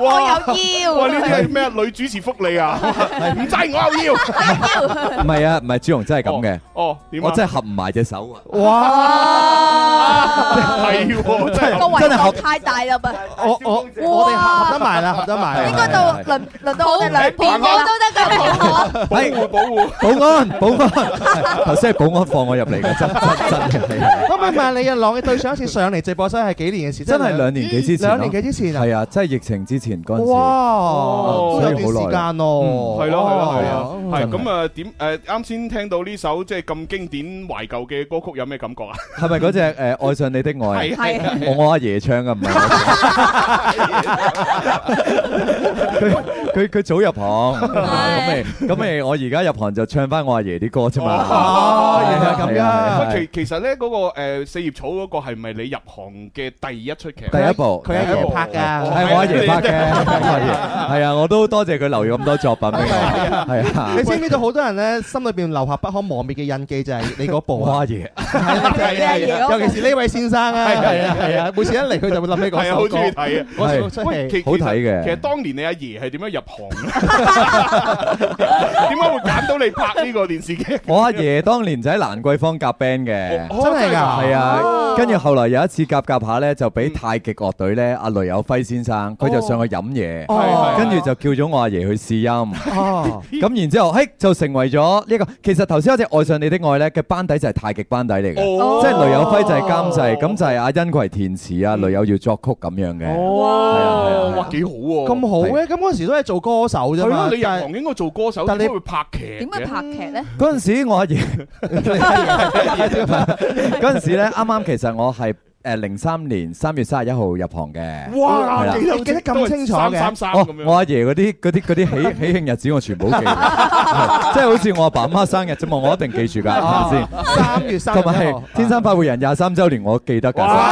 我又要哇！呢啲係咩女主持福利啊？唔制，我又要，唔係啊，唔係朱紅真係咁嘅。哦，我真係合唔埋隻手啊！哇，係喎，真係合，真係合太大啦嘛！我我我哋合得埋啦，合得埋。應該到輪輪到係兩邊，我都得咁樣。保護，保護，保安，保安。頭先係保安放我入嚟嘅啫。咁唔係李日朗，佢對上一次上嚟直播室係幾年嘅事？真係兩年幾之前。兩年幾之前啊？係啊，真係疫情之前。.哇、啊，所以好耐間咯，係咯，係咯。係咁啊？點誒？啱先聽到呢首即係咁經典懷舊嘅歌曲，有咩感覺啊？係咪嗰隻誒？愛上你的愛，我我阿爺唱嘅唔係佢，佢佢早入行咁咪咁咪？我而家入行就唱返我阿爺啲歌啫嘛。哦，原來咁樣。其其實咧，嗰個誒四葉草嗰個係咪你入行嘅第一出劇？第一部，佢係我拍噶，係我阿爺拍嘅。係啊，我都多謝佢留咗咁多作品俾我。係啊。你知唔知道好多人咧，心裏邊留下不可磨滅嘅印記，就係你嗰部啊，阿爺，尤其是呢位先生啊，係啊係啊，每次一嚟佢就會諗起嗰個，係啊好中意睇啊，係出戲好睇嘅。其實當年你阿爺係點樣入行？點解會揀到你拍呢個電視劇？我阿爺當年就喺蘭桂坊夾 band 嘅，真係㗎，係啊。跟住後來有一次夾夾下咧，就俾太極樂隊咧阿雷有輝先生，佢就上去飲嘢，跟住就叫咗我阿爺去試音，咁然之後，就成為咗呢個，其實頭先嗰隻《愛上你的愛》咧嘅班底就係太極班底嚟嘅，即係雷有輝就係監製，咁就係阿因葵佢係填詞，阿雷有曜作曲咁樣嘅，哇，哇幾好喎！咁好嘅，咁嗰時都係做歌手啫嘛，你入行應該做歌手，但你會拍劇，點解拍劇咧？嗰陣時我阿爺嗰陣時咧，啱啱其實我係。誒，零三年三月三十一號入行嘅，哇，記得咁清楚嘅，我阿爺嗰啲啲啲喜喜慶日子我全部記，即係好似我阿爸阿媽生日啫嘛，我一定記住噶，係咪先？三月三號係天生發匯人廿三周年，我記得噶。哇，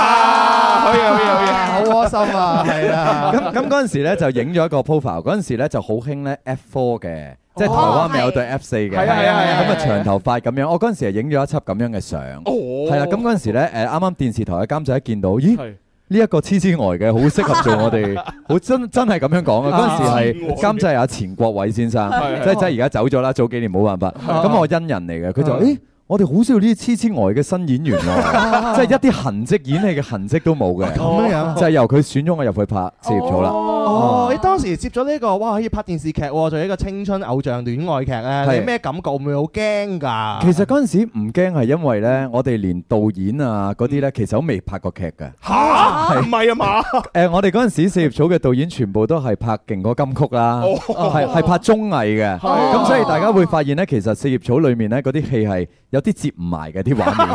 好嘢好嘢，好窩心啊，係啦。咁咁嗰陣時咧就影咗一個 profile，嗰陣時咧就好興咧 F4 嘅。即係台灣咪有對 F 四嘅，係啊，係啊，咁啊長頭髮咁樣，我嗰陣時係影咗一輯咁樣嘅相，係啦，咁嗰陣時咧誒啱啱電視台嘅監製一見到，咦呢一個黐黐呆嘅好適合做我哋，好真真係咁樣講啊！嗰陣時係監製阿錢國偉先生，即係即係而家走咗啦，早幾年冇辦法，咁我恩人嚟嘅，佢就誒。我哋好少呢啲痴痴呆嘅新演員喎，即係一啲痕跡演戲嘅痕跡都冇嘅，咁樣就由佢選咗我入去拍四葉草啦。哦，你當時接咗呢個，哇可以拍電視劇，仲係一個青春偶像戀愛劇咧，你咩感覺？會好驚㗎？其實嗰陣時唔驚係因為咧，我哋連導演啊嗰啲咧其實都未拍過劇㗎。嚇？唔係啊嘛。誒，我哋嗰陣時四葉草嘅導演全部都係拍勁歌金曲啦，係係拍綜藝嘅。咁所以大家會發現咧，其實四葉草裏面咧嗰啲戲係。有啲接唔埋嘅啲畫面，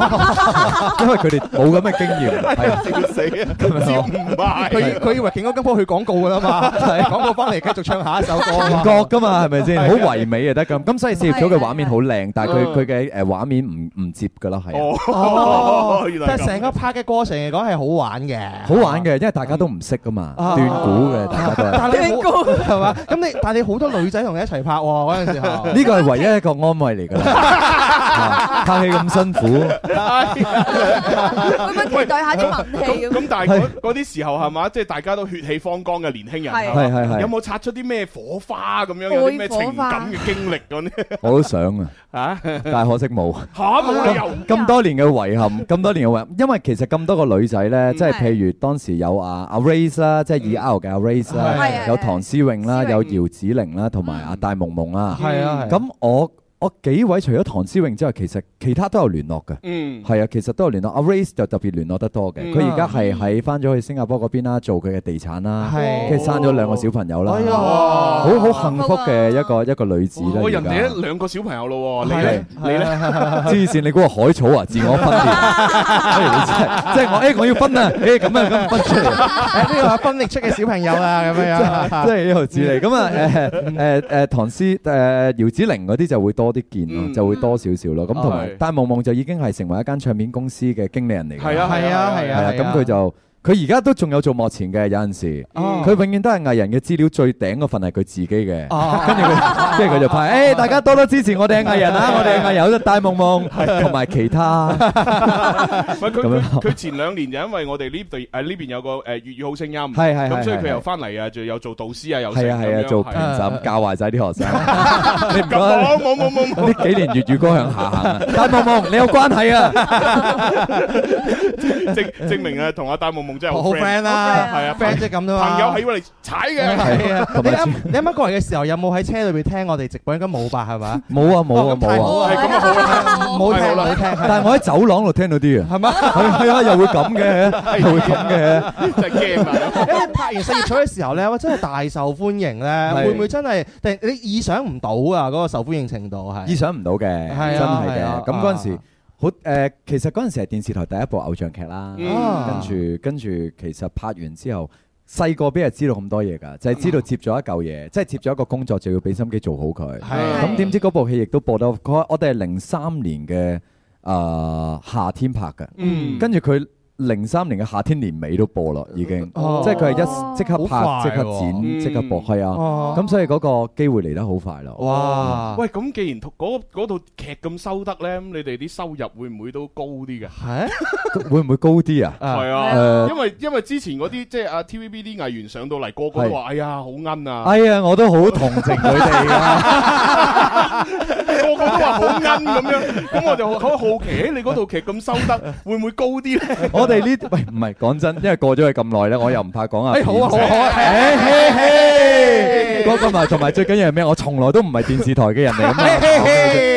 因為佢哋冇咁嘅經驗。笑死啊！接唔埋。佢佢以為鏡頭鏡頭去廣告噶啦嘛，廣告翻嚟繼續唱下一首歌，唔覺噶嘛，係咪先？好唯美啊，得咁。咁所以攝取嘅畫面好靚，但係佢佢嘅誒畫面唔唔接噶啦，係。哦，原來。但係成個拍嘅過程嚟講係好玩嘅，好玩嘅，因為大家都唔識噶嘛，斷估嘅。大家都係嘛？咁你但係你好多女仔同你一齊拍喎，嗰陣時候。呢個係唯一一個安慰嚟㗎啦。拍戲咁辛苦，咁樣期待下啲文戲咁。咁但係嗰嗰啲時候係嘛，即係大家都血氣方剛嘅年輕人，係係係。有冇擦出啲咩火花咁樣嘅咩情感嘅經歷咁咧？我都想啊，吓，但係可惜冇吓，冇理由咁多年嘅遺憾，咁多年嘅遺憾，因為其實咁多個女仔咧，即係譬如當時有阿阿 Race 啦，即係 E.R. 嘅 Race 啦，有唐詩詠啦，有姚子羚啦，同埋阿戴夢夢啦，係啊，咁我。我幾位除咗唐詩詠之外，其實其他都有聯絡嘅，係啊，其實都有聯絡。阿 Race 就特別聯絡得多嘅，佢而家係喺返咗去新加坡嗰邊啦，做佢嘅地產啦，跟住生咗兩個小朋友啦，好好幸福嘅一個一個女子啦。我人哋兩個小朋友咯，你咧？你咧？黐線，你嗰個海草啊，自我分裂，即係我誒我要分啊，誒咁啊咁分出嚟，呢個分裂出嘅小朋友啊，咁樣樣，即係呢條字嚟。咁啊誒誒誒唐詩誒姚子玲嗰啲就會多。啲見咯，就會多少少咯。咁同埋，戴夢夢就已經係成為一間唱片公司嘅經理人嚟。係啊，係啊，係啊。咁佢就。佢而家都仲有做幕前嘅，有陣時，佢永遠都係藝人嘅資料最頂嗰份係佢自己嘅，跟住，跟住佢就拍，誒，大家多多支持我哋藝人啊，我哋藝人有得戴夢夢，同埋其他。佢前兩年就因為我哋呢度喺呢邊有個誒粵語好聲音，係係係，咁所以佢又翻嚟啊，仲有做導師啊，有係啊係啊，做評審教壞晒啲學生。唔好冇冇冇冇，呢幾年粵語歌響下下。戴夢夢，你有關係啊？證證明啊，同阿戴夢夢真係好 friend 啦，係啊，friend 即係咁啫嘛。朋友係要嚟踩嘅。你啱你啱啱過嚟嘅時候，有冇喺車裏邊聽我哋直播？應該冇吧，係嘛？冇啊，冇啊，冇啊，係咁啊，冇聽，冇聽。但係我喺走廊度聽到啲嘢，係嘛？係啊，又會咁嘅，又會咁嘅，就驚啊！因為拍完四月彩嘅時候咧，我真係大受歡迎咧，會唔會真係？定你意想唔到啊？嗰個受歡迎程度係？意想唔到嘅，係啊，真係嘅。咁嗰陣時。好、呃、其實嗰陣時係電視台第一部偶像劇啦，嗯、跟住跟住，其實拍完之後，細個俾人知道咁多嘢㗎？就係、是、知道接咗一嚿嘢，即、就、係、是、接咗一個工作就要俾心機做好佢。咁點知嗰部戲亦都播到、嗰個，我哋係零三年嘅誒、呃、夏天拍嘅，嗯、跟住佢。零三年嘅夏天年尾都播啦，已經，即係佢係一即刻拍、即刻剪、即刻播，係啊，咁所以嗰個機會嚟得好快咯。哇！喂，咁既然嗰套劇咁收得咧，咁你哋啲收入會唔會都高啲嘅？嚇，會唔會高啲啊？係啊，因為因為之前嗰啲即係啊 TVB 啲藝員上到嚟，個個都話：哎呀，好奀啊！哎呀，我都好同情佢哋啊！個個都話好奀咁樣，咁我就好好奇，誒你嗰套劇咁收得會唔會高啲咧？我哋呢，喂，唔係講真，因為過咗去咁耐咧，我又唔怕講啊、哎。好啊，好啊！開嘿，嘿嘿，個埋同埋最緊要係咩？我從來都唔係電視台嘅人嚟㗎、那個、嘛。嗯嘿嘿嘿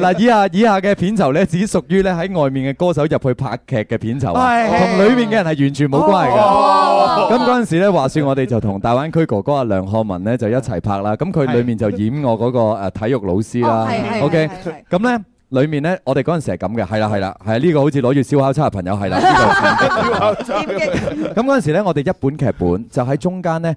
嗱，以下以下嘅片酬咧，只屬於咧喺外面嘅歌手入去拍劇嘅片酬，同裏、哎、面嘅人係完全冇關係㗎。咁嗰陣時咧，話説我哋就同大灣區哥哥阿梁漢文咧就一齊拍啦。咁佢裏面就演我嗰個誒體育老師啦。哦、OK，咁咧裏面咧，我哋嗰陣係咁嘅，係啦係啦，係啊呢個好似攞住燒烤叉嘅朋友係啦。咁嗰陣時咧，我哋一本劇本就喺中間咧。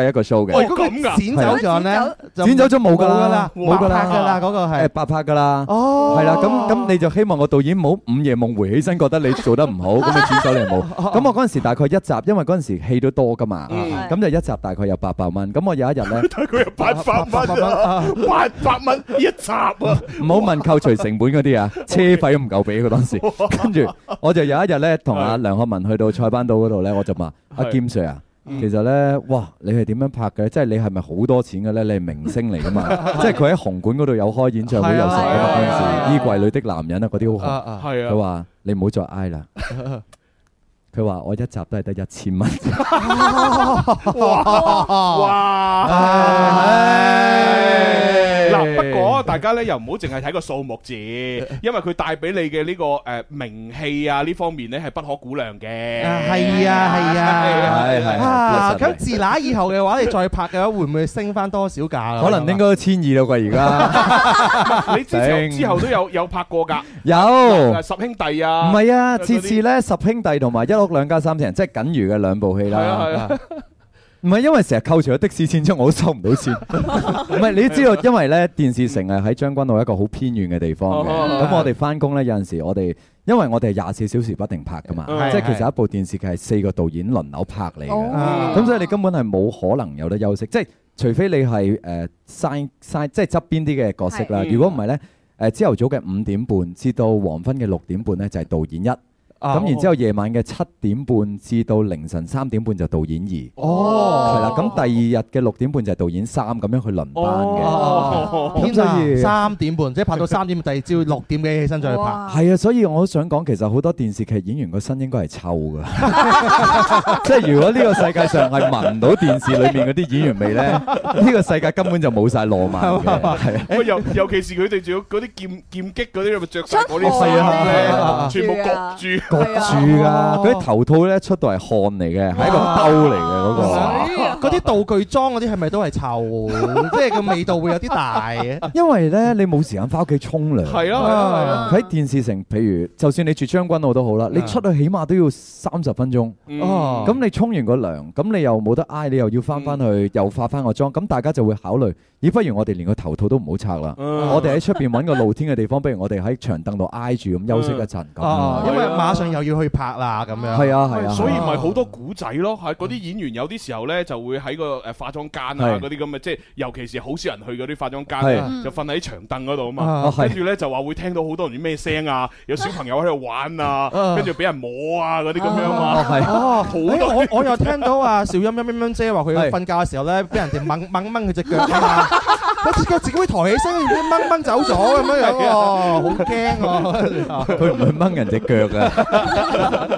係一個 show 嘅。喂，嗰個剪走咗咧，剪走咗冇噶啦，八拍噶啦，嗰個係八拍噶啦。哦，係啦，咁咁你就希望個導演冇午夜夢回起身，覺得你做得唔好，咁你剪走你又冇。咁我嗰陣時大概一集，因為嗰陣時戲都多噶嘛，咁就一集大概有八百蚊。咁我有一日咧，佢有八百蚊，八百蚊一集啊！唔好問扣除成本嗰啲啊，車費都唔夠俾佢當時。跟住我就有一日咧，同阿梁漢文去到賽班島嗰度咧，我就問阿兼 Sir 啊。其實咧，哇！你係點樣拍嘅咧？即係你係咪好多錢嘅咧？你係明星嚟噶嘛？ [LAUGHS] 啊、即係佢喺紅館嗰度有開演唱會有，有成啊嘛！嗰陣時《衣櫃裏的男人》啊，嗰啲好紅。係啊，佢話、啊、你唔好再嗌啦。佢話 [LAUGHS] [LAUGHS] 我一集都係得一千蚊。哇！大家咧又唔好淨係睇個數目字，因為佢帶俾你嘅呢個誒名氣啊呢方面咧係不可估量嘅。係啊係啊，係啊。咁自那以後嘅話，你再拍嘅話，會唔會升翻多少價？可能應該千二啦啩，而家。你之前之後都有有拍過㗎？有十兄弟啊？唔係啊，次次咧十兄弟同埋一屋兩家三姓人，即係僅餘嘅兩部戲啦。係啊係啊。唔係，因為成日扣除咗的士錢出，我都收唔到錢。唔係， [LAUGHS] [LAUGHS] 你都知道， [LAUGHS] 因為咧電視城係喺將軍澳一個好偏遠嘅地方咁 [LAUGHS] 我哋翻工咧，有陣時我哋因為我哋係廿四小時不停拍噶嘛， [LAUGHS] 即係其實一部電視劇係四個導演輪流拍嚟嘅。咁 [LAUGHS] 所以你根本係冇可能有得休息， [LAUGHS] 即係除非你係誒曬曬，即係側邊啲嘅角色啦。 [LAUGHS] 如果唔係咧，誒朝頭早嘅五點半至到黃昏嘅六點半咧，就係導演一。 [LAUGHS] [LAUGHS] 咁然之後夜晚嘅七點半至到凌晨三點半就導演二，哦，係啦。咁第二日嘅六點半就係導演三咁樣去輪班嘅。天啊！三點半即係拍到三點，第二朝六點幾起身再去拍。係啊，所以我都想講，其實好多電視劇演員個身應該係臭㗎。即係如果呢個世界上係聞唔到電視裏面嗰啲演員味咧，呢個世界根本就冇曬浪漫嘅。係啊，喂，尤尤其是佢哋仲要嗰啲劍劍擊嗰啲，咪著曬嗰啲衫，全部焗住。焗住㗎，佢啲頭套咧出到係汗嚟嘅，係一個兜嚟嘅嗰個。嗰啲道具裝嗰啲係咪都係臭？即係個味道會有啲大嘅。因為咧，你冇時間翻屋企沖涼。係咯，喺電視城，譬如就算你住將軍澳都好啦，你出去起碼都要三十分鐘。哦，咁你沖完個涼，咁你又冇得挨，你又要翻翻去又化翻個妝，咁大家就會考慮，咦？不如我哋連個頭套都唔好拆啦。我哋喺出邊揾個露天嘅地方，不如我哋喺長凳度挨住咁休息一陣咁。因為馬。又要去拍啦咁樣，係啊係啊，所以咪好多古仔咯，係嗰啲演員有啲時候咧就會喺個誒化妝間啊嗰啲咁嘅，即係尤其是好少人去嗰啲化妝間，就瞓喺長凳嗰度啊嘛，跟住咧就話會聽到好多人啲咩聲啊，有小朋友喺度玩啊，跟住俾人摸啊嗰啲咁樣啊，哦好，我我又聽到啊少音咩咩姐話佢瞓覺嘅時候咧，俾人哋掹掹掹佢隻腳啊，嗰隻腳自己抬起身，掹掹走咗咁樣樣，好驚佢唔會掹人隻腳㗎！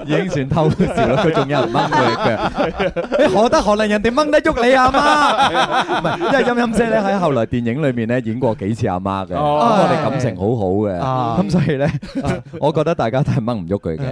已經算偷笑咯，佢仲有人掹佢嘅？你何德何能人哋掹得喐你阿媽？唔係，一係音音姐咧。喺後來電影裏面咧演過幾次阿媽嘅，咁我哋感情好好嘅。咁所以咧，我覺得大家都係掹唔喐佢嘅。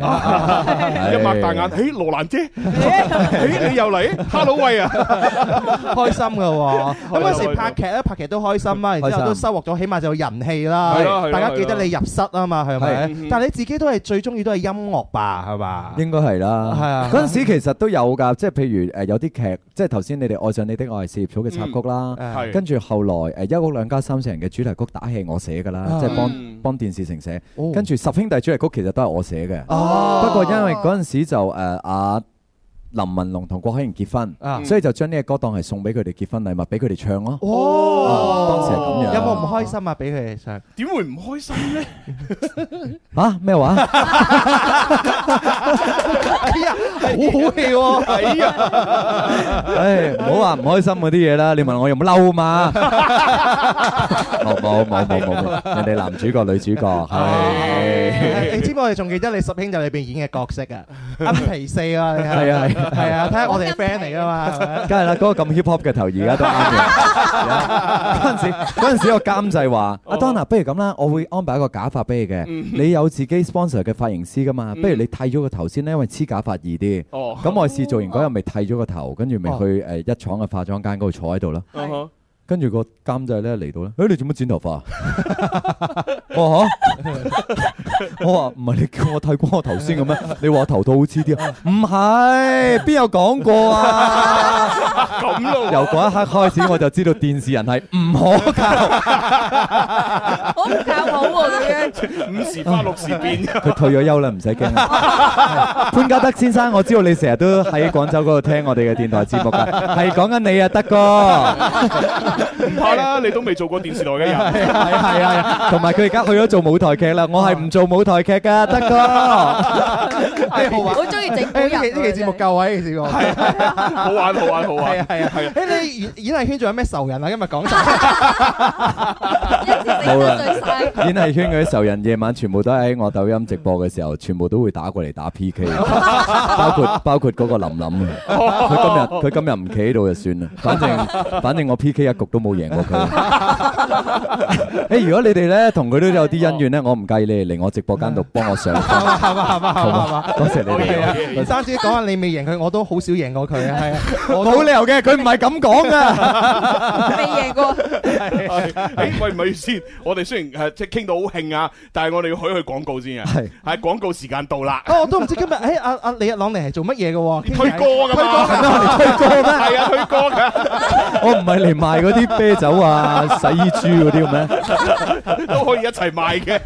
一擘大眼，誒羅蘭姐，誒你又嚟，hello 喂啊，開心㗎喎。咁嗰時拍劇咧，拍劇都開心啊，然之後都收穫咗，起碼就有人氣啦。係咯係咯，大家記得你入室啊嘛，係咪？但係你自己都係最中意都係音。樂吧，係嘛，應該係啦。係啊，嗰陣時其實都有噶，即係譬如誒、 [MUSIC] 呃、有啲劇，即係頭先你哋愛上你的我係四葉草嘅插曲啦，嗯、跟住後來誒一屋兩家三成人嘅主題曲打戲我寫噶啦，即係幫幫電視城寫，跟住十兄弟主題曲其實都係我寫嘅，哦啊、不過因為嗰陣時就誒、呃、啊。啊林文龍同郭可盈結婚，所以就將呢個歌當係送俾佢哋結婚禮物，俾佢哋唱咯。當時係咁樣。有冇唔開心啊？俾佢哋唱？點會唔開心咧？吓？咩話？哎呀，好好戲喎！哎呀，唉，唔好話唔開心嗰啲嘢啦。你問我有冇嬲嘛？冇冇冇冇冇，人哋男主角女主角。你知唔知我哋仲記得你十兄弟裏邊演嘅角色啊？恩皮四啊！係啊。係啊，睇下我哋啲 friend 嚟噶嘛，梗係啦，嗰個咁 hip hop 嘅頭而家都啱嘅。嗰陣 [LAUGHS] [LAUGHS] [LAUGHS] 時，嗰陣時我監製話：阿、oh. Donna，不如咁啦，我會安排一個假髮俾你嘅。Oh. 你有自己 sponsor 嘅髮型師噶嘛？Oh. 不如你剃咗個頭先咧，因為黐假髮易啲。哦，咁我試做完嗰日，咪剃咗個頭，跟住咪去誒一廠嘅化妝間嗰度坐喺度囉。Oh. [LAUGHS] 跟住個監製咧嚟到咧，誒、欸、你做乜剪頭髮？啊 [LAUGHS] 我啊 [LAUGHS] 我？我話我話唔係你叫我剃光我頭先咁咩？你話頭套好似啲，唔係邊有講過啊？由嗰 [LAUGHS] 一刻開始我就知道電視人係唔可靠， [LAUGHS] [LAUGHS] 好唔好？五時花六時變，啊，佢退咗休啦，唔使驚。潘嘉德先生，我知道你成日都喺廣州嗰度聽我哋嘅電台節目㗎，係講緊你啊，德哥。 [LAUGHS] [LAUGHS] 唔怕啦，你都未做過電視台嘅人，係啊係啊，同埋佢而家去咗做舞台劇啦。我係唔做舞台劇噶，得噶啦，好啊。好中意整好人，呢期呢期節目夠位，呢個係啊，好玩好玩好玩，係啊係啊係啊。誒，你演演藝圈仲有咩仇人啊？今日講晒，冇啦。演藝圈嗰啲仇人，夜晚全部都喺我抖音直播嘅時候，全部都會打過嚟打 PK，包括包括嗰個林林，佢今日佢今日唔企喺度就算啦。反正反正我 PK 一局，都冇贏過佢。誒，如果你哋咧同佢都有啲恩怨咧，我唔介意你嚟我直播間度幫我上。係嘛係嘛係嘛係嘛。多謝你哋。三姐講下你未贏佢，我都好少贏過佢，係啊，冇理由嘅，佢唔係咁講噶。未贏過。誒，喂，唔好意思，我哋雖然誒即係傾到好興啊，但係我哋要開下廣告先啊。係。係廣告時間到啦。我都唔知今日誒阿阿李日朗嚟係做乜嘢嘅？推歌噶嘛？推歌咩？係啊，推歌噶。我唔係嚟賣嗰啲啤酒啊、洗衣珠嗰啲咁樣都可以一齊賣嘅。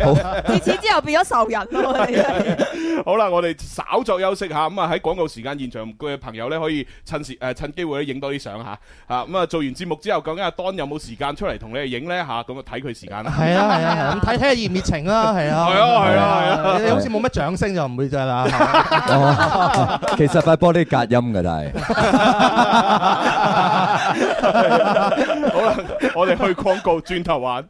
自此之後變咗仇人咯。好啦，我哋稍作休息嚇。咁啊喺廣告時間現場嘅朋友咧，可以趁時誒趁機會咧影多啲相嚇。啊咁啊做完節目之後，究竟阿 Don 有冇時間出嚟同你哋影咧嚇？咁啊睇佢時間啦。係啊係啊，咁睇睇下熱唔熱情啦。係啊係啊係啊，你好似冇乜掌聲就唔會啫啦。其實塊玻璃隔音㗎，真係。好啦，我哋去廣告，轉頭玩。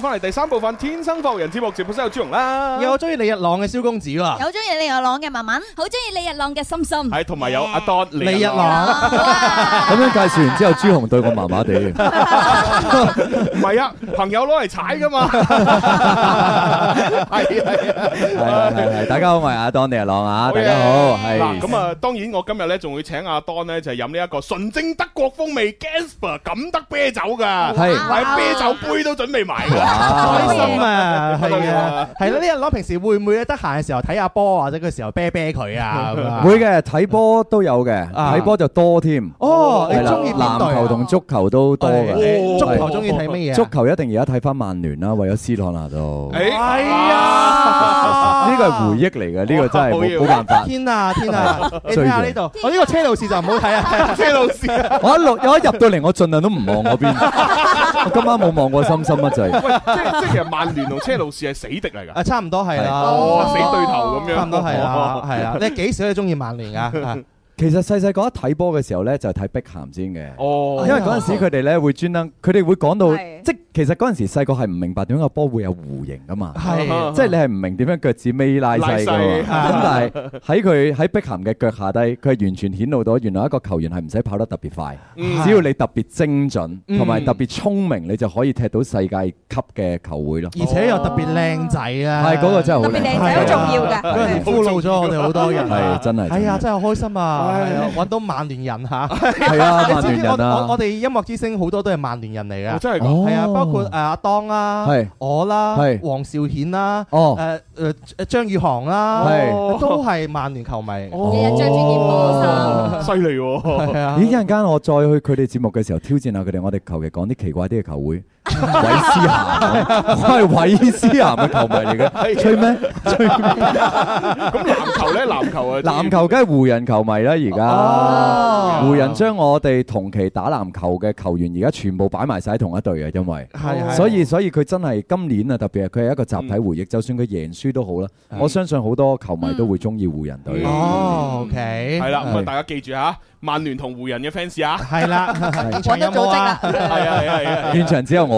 翻嚟第三部分《天生發育人》節目，全部都有朱紅啦！有中意李日朗嘅蕭公子喎，有中意李日朗嘅文文，好中意李日朗嘅心心，係同埋有阿當李日朗。咁樣介紹完之後，朱紅對我麻麻地嘅，唔係啊，朋友攞嚟踩噶嘛，係啊係啊係啊係！大家好，我係阿當李日朗啊，大家好，係。咁啊，當然我今日咧仲會請阿當咧就飲呢一個純正德國風味 Gansbar 錦德啤酒㗎，係，係啤酒杯都準備埋。開心啊，係啊，係咯，啲人攞平時會唔會得閒嘅時候睇下波，或者佢時候啤啤佢啊？會嘅，睇波都有嘅，睇波就多添。哦，你中意籃球同足球都多嘅，足球中意睇乜嘢？足球一定而家睇翻曼聯啦，為咗 C 朗拿度。哎呀！呢個係回憶嚟嘅，呢個真係冇冇辦法。天啊天啊！你睇下呢度，我呢個車路士就唔好睇啊！車路士，我一路我一入到嚟，我盡量都唔望嗰邊。我今晚冇望過心心一陣。喂，即即其實曼聯同車路士係死敵嚟㗎。啊，差唔多係啊，死對頭咁樣。差唔多係啊，係啊，你幾時都中意曼聯啊？其實細細個一睇波嘅時候咧，就係睇碧咸先嘅。哦，因為嗰陣時佢哋咧會專登，佢哋會講到，即其實嗰陣時細個係唔明白點解個波會有弧形噶嘛。係，即係你係唔明點樣腳趾尾拉細㗎。咁但係喺佢喺碧咸嘅腳下低，佢係完全顯露到原來一個球員係唔使跑得特別快，只要你特別精準同埋特別聰明，你就可以踢到世界級嘅球會咯。而且又特別靚仔啊！係嗰個真係好，特別靚仔好重要㗎。嗰陣時俘虜咗我哋好多人，係真係。哎呀，真係開心啊！係啊，搵到曼聯人吓。係啊，曼聯人啊！我我哋音樂之星好多都係曼聯人嚟噶。哦，真係講，係啊，包括誒阿當啦，啊，係的我啦，係黃的兆顯啦，啊，哦，誒誒張宇航啦、啊，係的都係曼聯球迷，日日着住件波衫，犀利喎！咦，哦，一陣間我再去佢哋節目嘅時候挑戰下佢哋，我哋求其講啲奇怪啲嘅球會。韋 [LAUGHS] 斯咸，我係韋斯咸嘅球迷嚟嘅，吹咩？吹咩？ [LAUGHS] 咁籃球咧？籃球啊！籃球梗係湖人球迷啦，而家、哦、湖人將我哋同期打籃球嘅球員，而家全部擺埋晒喺同一隊啊！因為係係，哦、所以所以佢真係今年啊，特別係佢係一個集體回憶，嗯、就算佢贏輸都好啦。是我相信好多球迷都會中意湖人隊、嗯。哦，OK，係啦、嗯，咁啊，大家記住吓，曼聯同湖人嘅 fans 啊，係、嗯、啦，搵到組織啊，係啊係啊，現場只有我。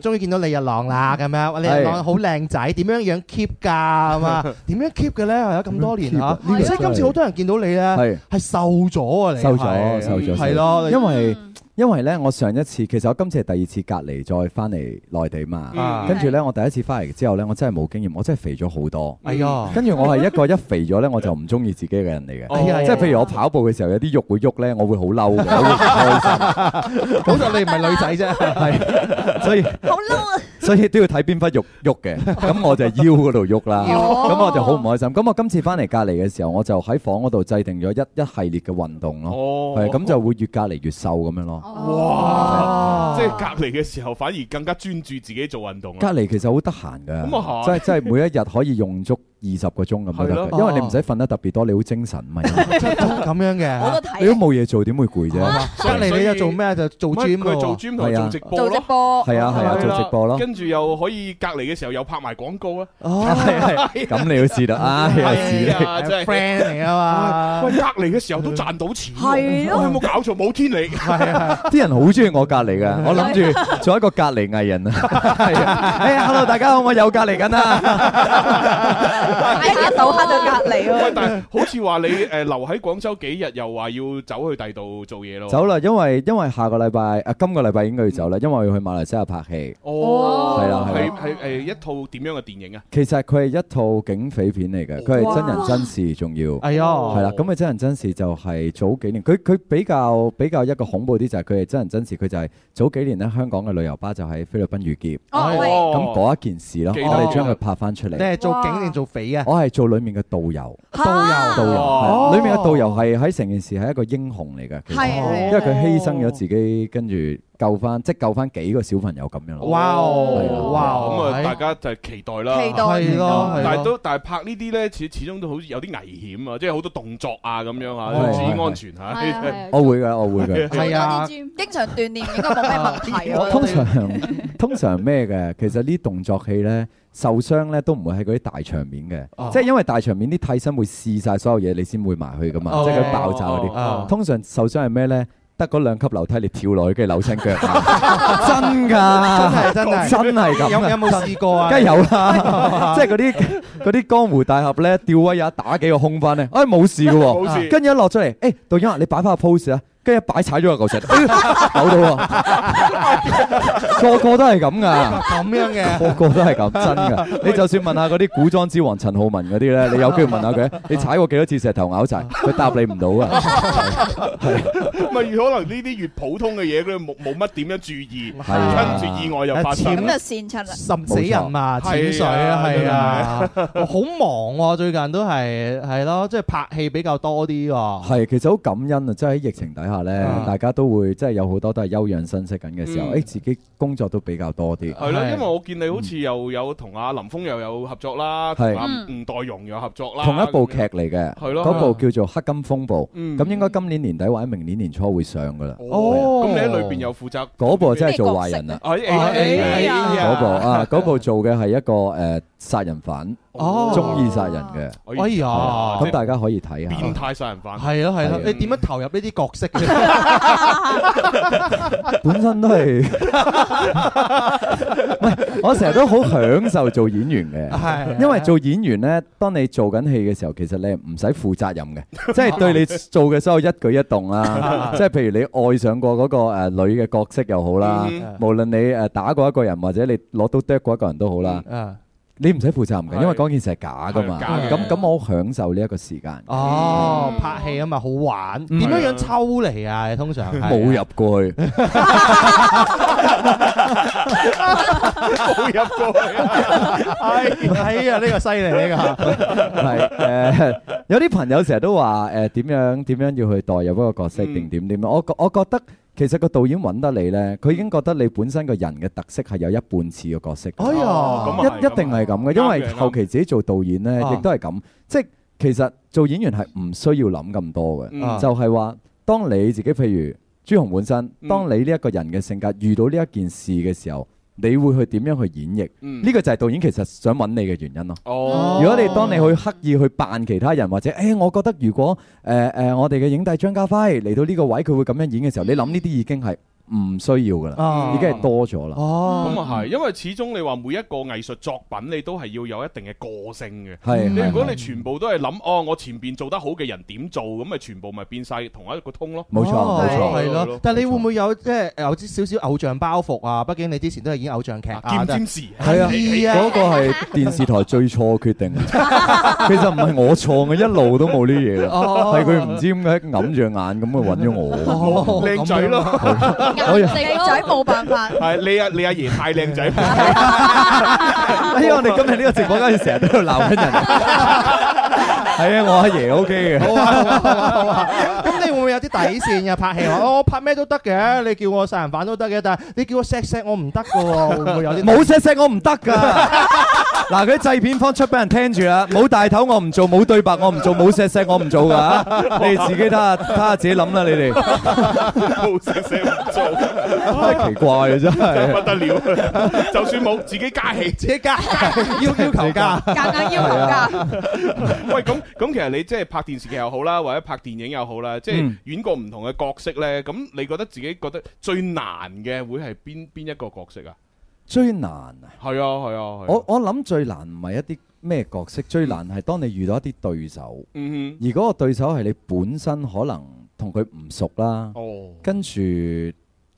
終於見到李日朗啦，咁樣李日朗好靚仔，點樣樣 keep 㗎？係嘛？點樣 keep 嘅咧？而家咁多年嗬，而且今次好多人見到你咧，係瘦咗啊！你瘦咗，瘦咗，係咯，因為。因為咧，我上一次其實我今次係第二次隔離再翻嚟內地嘛，跟住咧我第一次翻嚟之後咧，我真係冇經驗，我真係肥咗好多。哎呀！跟住我係一個一肥咗咧，我就唔中意自己嘅人嚟嘅，即係譬如我跑步嘅時候有啲肉會喐咧，我會好嬲。好嬲，好在你唔係女仔啫，係，所以好嬲，所以都要睇邊忽肉喐嘅。咁我就腰嗰度喐啦，咁我就好唔開心。咁我今次翻嚟隔離嘅時候，我就喺房嗰度制定咗一一系列嘅運動咯，係咁就會越隔離越瘦咁樣咯。哇！哇即係隔離嘅時候，反而更加專注自己做運動。隔離其實好得閒噶，即係即係每一日可以用足。二十個鐘咁咯，因為你唔使瞓得特別多，你好精神嘛。咁樣嘅，你都冇嘢做，點會攰啫？隔籬你又做咩？就做專門去做專門做直播咯。直播，係啊係啊，做直播咯。跟住又可以隔籬嘅時候又拍埋廣告啊。哦，係啊，咁你都知啦啊，真係，friend 嚟啊嘛。喂，隔籬嘅時候都賺到錢，係啊。有冇搞錯？冇天理！啲人好中意我隔籬嘅，我諗住做一個隔籬藝人啊。係啊，hello，大家好，我有隔籬緊啊。一日到黑就隔離咯。但好似話你誒留喺廣州幾日，又話要走去第度做嘢咯。走啦，因為因為下個禮拜啊，今個禮拜應該要走啦，因為要去馬來西亞拍戲。哦，係啦，係係係，一套點樣嘅電影啊？其實佢係一套警匪片嚟嘅，佢係真人真事，仲要係啊，係啦。咁佢真人真事就係早幾年，佢佢比較比較一個恐怖啲就係佢係真人真事，佢就係早幾年咧，香港嘅旅遊巴就喺菲律賓遇劫。咁嗰一件事咯，我哋將佢拍翻出嚟。你係做警做？俾啊！我係做裏面嘅導遊，導遊導遊，裏面嘅導遊係喺成件事係一個英雄嚟嘅，因為佢犧牲咗自己，跟住救翻，即係救翻幾個小朋友咁樣咯。哇哦，哇！咁啊，大家就係期待啦，期待咯。但係都但係拍呢啲咧，始始終都好似有啲危險啊，即係好多動作啊咁樣吓，注意安全吓。係啊，我會噶，我會噶。係啊，經常鍛煉應該冇咩問題。通常通常咩嘅？其實呢動作戲咧。受傷咧都唔會喺嗰啲大場面嘅，即係因為大場面啲替身會試晒所有嘢，你先會埋去噶嘛，即係佢爆炸嗰啲。通常受傷係咩咧？得嗰兩級樓梯，你跳落去，跟住扭親腳，真噶，真係真係，真係咁。有有冇試過啊？梗係有啦，即係嗰啲啲江湖大俠咧，吊威亞打幾個空翻咧，哎冇事噶，跟住一落出嚟，哎導演啊，你擺翻個 pose 啊！跟住擺踩咗個石頭，拗到喎，個個都係咁噶，咁樣嘅，個個都係咁真噶。你就算問下嗰啲古裝之王陳浩文嗰啲咧，你有機會問下佢，你踩過幾多次石頭拗柴？佢答你唔到啊。咪可能呢啲越普通嘅嘢，佢冇冇乜點樣注意，跟住意外又發生。潛得先出啦，冇錯。冇錯。冇錯。冇錯。冇錯。冇錯。冇錯。冇錯。冇錯。冇錯。冇錯。冇錯。冇錯。冇錯。冇錯。冇錯。冇錯。冇錯。冇錯。冇錯。冇咧，大家都會即係有好多都係休養生息緊嘅時候，誒自己工作都比較多啲。係啦，因為我見你好似又有同阿林峯又有合作啦，同阿吳岱融有合作啦，同一部劇嚟嘅。係咯，嗰部叫做《黑金風暴》，咁應該今年年底或者明年年初會上噶啦。哦，咁你喺裏邊有負責嗰部真係做壞人啊？嗰部啊，嗰部做嘅係一個誒殺人犯。哦，中意殺人嘅，哎呀，咁大家可以睇下變態殺人犯，係呀係呀，你點樣投入呢啲角色嘅？本身都係，唔係，我成日都好享受做演員嘅，係，因為做演員呢，當你做緊戲嘅時候，其實你唔使負責任嘅，即係對你做嘅所有一舉一動啦，即係譬如你愛上過嗰個誒女嘅角色又好啦，無論你誒打過一個人或者你攞刀剁過一個人都好啦。你唔使負責唔緊，因為嗰件事係假噶嘛。咁咁我享受呢一個時間。哦，拍戲啊嘛，好玩。點樣樣抽離啊？通常係冇入過去，冇入過去。係係啊！呢個犀利呢個。係誒，有啲朋友成日都話誒點樣點樣要去代入嗰個角色，定點點樣？我我覺得。其實個導演揾得你呢，佢已經覺得你本身個人嘅特色係有一半似個角色。哎呀，啊、一，一定係咁嘅，啊、因為後期自己做導演呢，亦都係咁。即係其實做演員係唔需要諗咁多嘅，嗯、就係話當你自己譬如朱紅本身，當你呢一個人嘅性格遇到呢一件事嘅時候。你會去點樣去演繹？呢、嗯、個就係導演其實想揾你嘅原因咯。哦、如果你當你去刻意去扮其他人，或者誒、哎，我覺得如果誒誒、呃呃，我哋嘅影帝張家輝嚟到呢個位，佢會咁樣演嘅時候，你諗呢啲已經係。唔需要噶啦，已經係多咗啦。哦，咁啊係，因為始終你話每一個藝術作品，你都係要有一定嘅個性嘅。係，你如果你全部都係諗，哦，我前邊做得好嘅人點做，咁咪全部咪變曬同一個通咯。冇錯，冇錯，係咯。但係你會唔會有即係有啲少少偶像包袱啊？畢竟你之前都係演偶像劇啊，尖尖視係啊，嗰個係電視台最初決定。其實唔係我錯嘅，一路都冇呢嘢嘅，係佢唔知點解揞住眼咁咪揾咗我。靚仔咯～靚仔冇辦法，係你阿你阿爺太靚仔。哎呀，我哋今日呢個直播間成日都喺度鬧緊人。係啊，我阿爺 O K 嘅。好啊，好啊，好啊。啲底線又拍戲，我拍咩都得嘅，你叫我殺人犯都得嘅，但係你叫我錫錫我唔得噶，會唔會有啲冇錫錫我唔得噶？嗱，佢製片方出俾人聽住啦，冇大頭我唔做，冇對白我唔做，冇錫錫我唔做噶，你哋自己睇下睇下自己諗啦，你哋冇錫錫唔做，奇怪啊真係，不得了，就算冇自己加戲，自己加要要求加，簡單要求加。喂，咁咁其實你即係拍電視劇又好啦，或者拍電影又好啦，即係。演過唔同嘅角色呢，咁你覺得自己覺得最難嘅會係邊邊一個角色難啊？啊啊最難啊？係啊係啊！我我諗最難唔係一啲咩角色，嗯、最難係當你遇到一啲對手。嗯哼，而嗰個對手係你本身可能同佢唔熟啦。哦，跟住。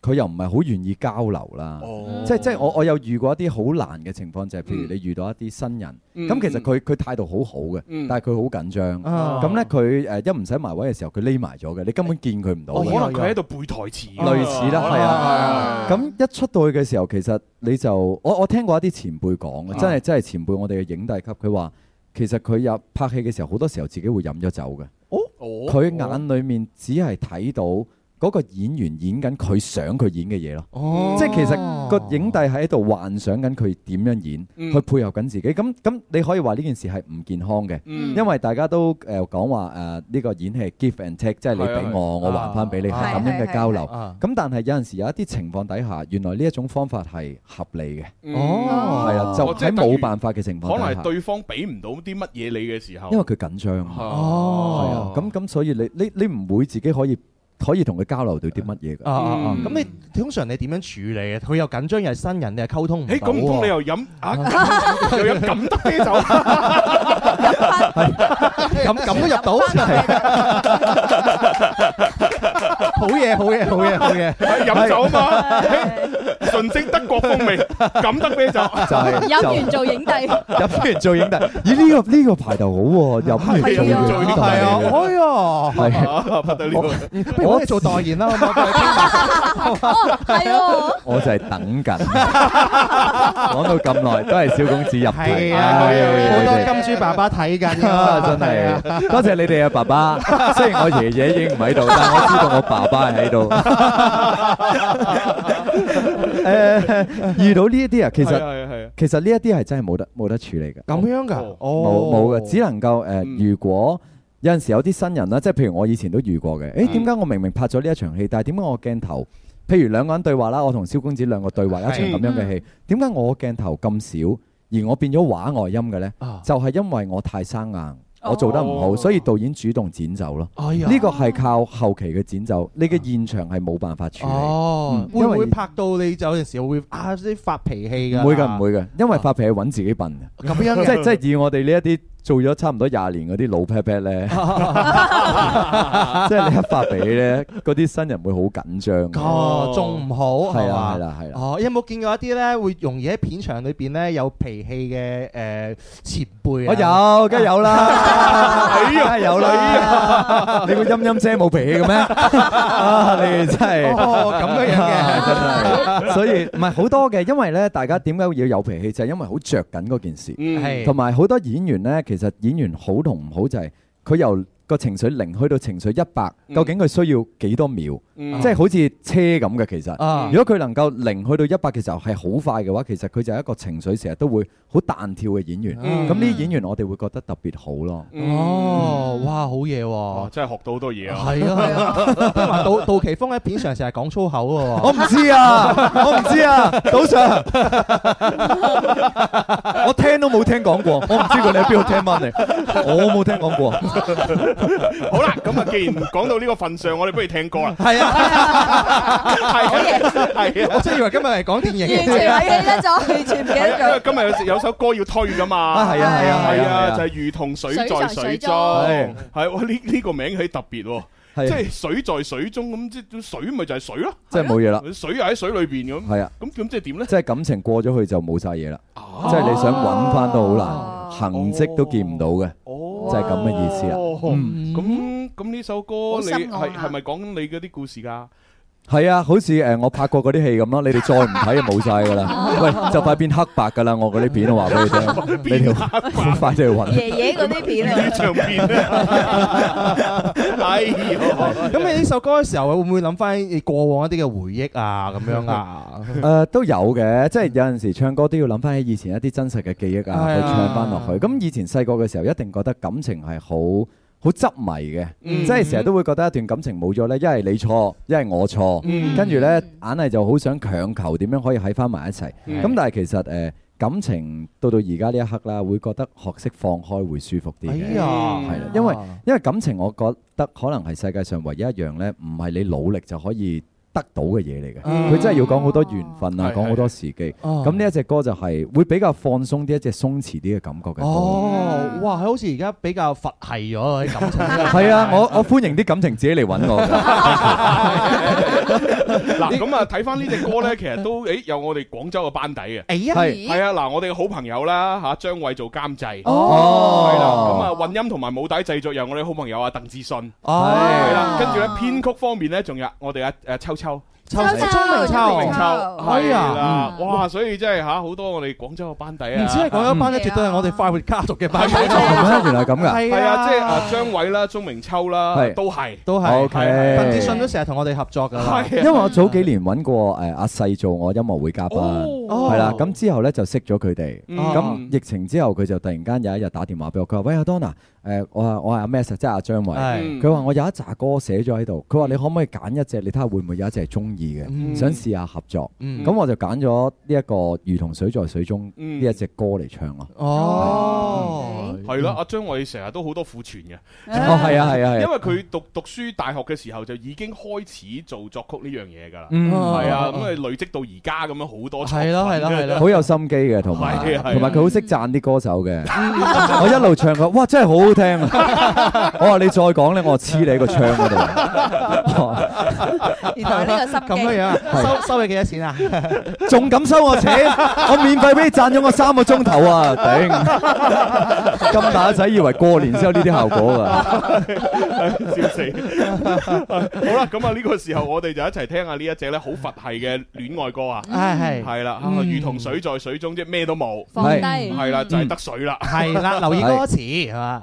佢又唔係好願意交流啦，即係即係我我有遇過一啲好難嘅情況，就係譬如你遇到一啲新人，咁其實佢佢態度好好嘅，但係佢好緊張。咁呢，佢誒一唔使埋位嘅時候，佢匿埋咗嘅，你根本見佢唔到。可能佢喺度背台詞。類似啦，係啊，咁一出到去嘅時候，其實你就我我聽過一啲前輩講，真係真係前輩，我哋嘅影帝級，佢話其實佢入拍戲嘅時候，好多時候自己會飲咗酒嘅。佢眼裏面只係睇到嗰個演員演緊佢想佢演嘅嘢咯，即係其實個影帝喺度幻想緊佢點樣演，去配合緊自己。咁咁你可以話呢件事係唔健康嘅，因為大家都誒講話誒呢個演戲 give and take，即係你俾我，我還翻俾你係咁樣嘅交流。咁但係有陣時有一啲情況底下，原來呢一種方法係合理嘅。哦，係啊，就喺冇辦法嘅情況下，可能係對方俾唔到啲乜嘢你嘅時候，因為佢緊張。哦，係啊，咁咁所以你你你唔會自己可以。可以同佢交流到啲乜嘢㗎？啊啊啊！咁你、嗯嗯、通常你點樣處理啊？佢又緊張又係新人，你係溝通唔到，誒，咁唔通你又飲啊？又有咁多啤酒，飲咁咁都入到。好嘢，好嘢，好嘢，好嘢，係飲酒啊嘛！純正德國風味，噉得啤酒，飲完做影帝，飲完做影帝。咦？呢個呢個排頭好喎，飲完做影帝。哎呀，我我做代言啦，係啊，我就係等緊，講到咁耐都係小公子入嚟啊！我有金豬爸爸睇緊，真係多謝你哋啊爸爸。雖然我爺爺已經唔喺度，但我知道我。爸爸喺度 [LAUGHS] [LAUGHS] 欸，遇到呢一啲啊，其實、 [LAUGHS] 啊啊啊、其實呢一啲係真係冇得冇得處理嘅。咁樣噶，冇冇嘅，只能夠誒。呃嗯、如果有陣時有啲新人啦，即係譬如我以前都遇過嘅。誒點解我明明拍咗呢一場戲，但係點解我鏡頭，譬如兩個人對話啦，我同蕭公子兩個對話一場咁樣嘅戲，點解、啊、我鏡頭咁少，而我變咗畫外音嘅呢？啊、就係因為我太生硬。我做得唔好，哦、所以導演主動剪走咯。呢、哎、呀個係靠後期嘅剪走，啊、你嘅現場係冇辦法處理。哦、為會唔會拍到你有陣時候會啊啲發脾氣㗎、啊？唔會嘅，唔會嘅，因為發脾氣揾自己笨嘅。即即係以我哋呢一啲。做咗差唔多廿年嗰啲老 pat pat 咧，即係你一發脾氣咧，嗰啲新人會好緊張。哦，仲唔好係嘛？係啦係啦。哦，有冇見過一啲咧會容易喺片場裏邊咧有脾氣嘅誒前輩？我有，梗係有啦，係啊，有啦。你會陰陰聲冇脾氣嘅咩？啊，你真係哦咁嘅樣嘅，真係。所以唔係好多嘅，因為咧大家點解要有脾氣？就係因為好著緊嗰件事，係同埋好多演員咧，其實。其實演員好同唔好就係佢又，個情緒零去到情緒一百，究竟佢需要幾多秒？即係好似車咁嘅，其實。如果佢能夠零去到一百嘅時候係好快嘅話，其實佢就係一個情緒成日都會好彈跳嘅演員。咁呢啲演員我哋會覺得特別好咯。哦，哇，好嘢喎！真係學到好多嘢啊！係啊，不如杜杜琪峰喺片上成日講粗口嘅。我唔知啊，我唔知啊，早上我聽都冇聽講過，我唔知佢你喺邊度聽翻嚟。我冇聽講過。好啦，咁啊，既然講到呢個份上，我哋不如聽歌啦。係啊，係啊，係啊，係啊。我真係以為今日係講電影，完全唔記得咗，完全唔記得咗。因為今日有有首歌要推噶嘛。啊，係啊，係啊，係啊。就係如同水在水中，係哇呢呢個名係特別喎，即係水在水中咁，即係水咪就係水咯。即係冇嘢啦，水係喺水裏邊咁。係啊，咁咁即係點咧？即係感情過咗去就冇晒嘢啦。即係你想揾翻都好難，痕跡都見唔到嘅。哇就係咁嘅意思啊？咁咁呢首歌，你係係咪講你嗰啲故事㗎？係啊，好似誒我拍過嗰啲戲咁咯，你哋再唔睇就冇晒噶啦，啊、喂，就快變黑白噶啦！我嗰啲片都話俾你聽，你哋快啲去揾。爺爺嗰啲片啊。長片。咁你呢首歌嘅時候會唔會諗翻你過往一啲嘅回憶啊？咁樣啊？誒都有嘅，即係有陣時唱歌都要諗翻起以前一啲真實嘅記憶啊，去唱翻落去。咁、嗯、以前細個嘅時候一定覺得感情係好。好執迷嘅，mm hmm. 即係成日都會覺得一段感情冇咗呢，一係你錯，一係我錯，mm hmm. 跟住呢，硬係就好想強求點樣可以喺翻埋一齊。咁、mm hmm. 嗯、但係其實誒、呃、感情到到而家呢一刻啦，會覺得學識放開會舒服啲嘅，係、哎、呀因為因為感情我覺得可能係世界上唯一一樣呢，唔係你努力就可以。得到嘅嘢嚟嘅，佢真係要講好多緣分啊，講好多時機。咁呢一隻歌就係會比較放鬆啲，一隻鬆弛啲嘅感覺嘅歌。哦，哇，好似而家比較佛系咗喺感情。係啊，我我歡迎啲感情自己嚟搵我。嗱，咁啊，睇返呢隻歌咧，其實都誒有我哋廣州嘅班底嘅。哎係啊，嗱，我哋嘅好朋友啦嚇，張偉做監製。哦，係啦。咁啊，混音同埋母帶製作由我哋好朋友啊，鄧志信。哦，係啦。跟住咧編曲方面咧，仲有我哋啊，誒秋秋。秋，鍾明秋，係啊，哇！所以真係吓好多我哋廣州嘅班底啊，唔止係廣州班咧，絕對係我哋快活家族嘅班底啦，原嚟係咁噶，係啊，即係阿張偉啦、鍾明秋啦，都係，都係，鄧志信都成日同我哋合作噶，係，因為我早幾年搵過誒阿細做我音樂會嘉賓，係啦，咁之後咧就識咗佢哋，咁疫情之後佢就突然間有一日打電話俾我，佢話喂阿 Donna。誒，我話我話阿 Mesa，即係阿張偉，佢話我有一扎歌寫咗喺度，佢話你可唔可以揀一隻，你睇下會唔會有一隻係中意嘅，想試下合作。咁我就揀咗呢一個如同水在水中呢一隻歌嚟唱咯。哦，係啦，阿張偉成日都好多庫存嘅，哦，係啊係啊，因為佢讀讀書大學嘅時候就已經開始做作曲呢樣嘢噶啦，係啊，咁啊累積到而家咁樣好多，係咯係咯係咯，好有心機嘅，同埋同埋佢好識讚啲歌手嘅。我一路唱佢，哇，真係好～好聽啊！我話你再講咧，我黐你喺個窗嗰度。然後呢個濕機咁樣，收收你幾多錢啊？仲敢收我錢？我免費俾你賺咗我三個鐘頭啊！頂咁大仔以為過年先有呢啲效果啊，笑死！好啦，咁啊呢個時候我哋就一齊聽下呢一隻咧好佛系嘅戀愛歌啊！係係啦，如同水在水中即係，咩都冇，放低係啦，就係得水啦，係啦，留意歌詞係嘛。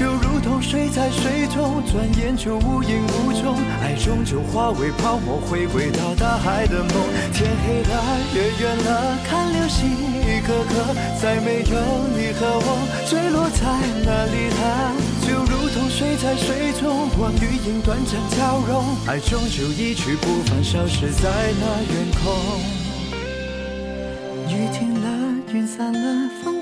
就如同水在水中，轉眼就無影無蹤，愛終究化為泡沫，回歸到大海的夢。天黑了，月圓了，看流星一顆顆，再沒有你和我。墜落在哪裏了。 [NOISE] 就如同水在水中，光與影短暫交融，愛終究一去不返，消失在那遠空。雨停了，雲散了，風。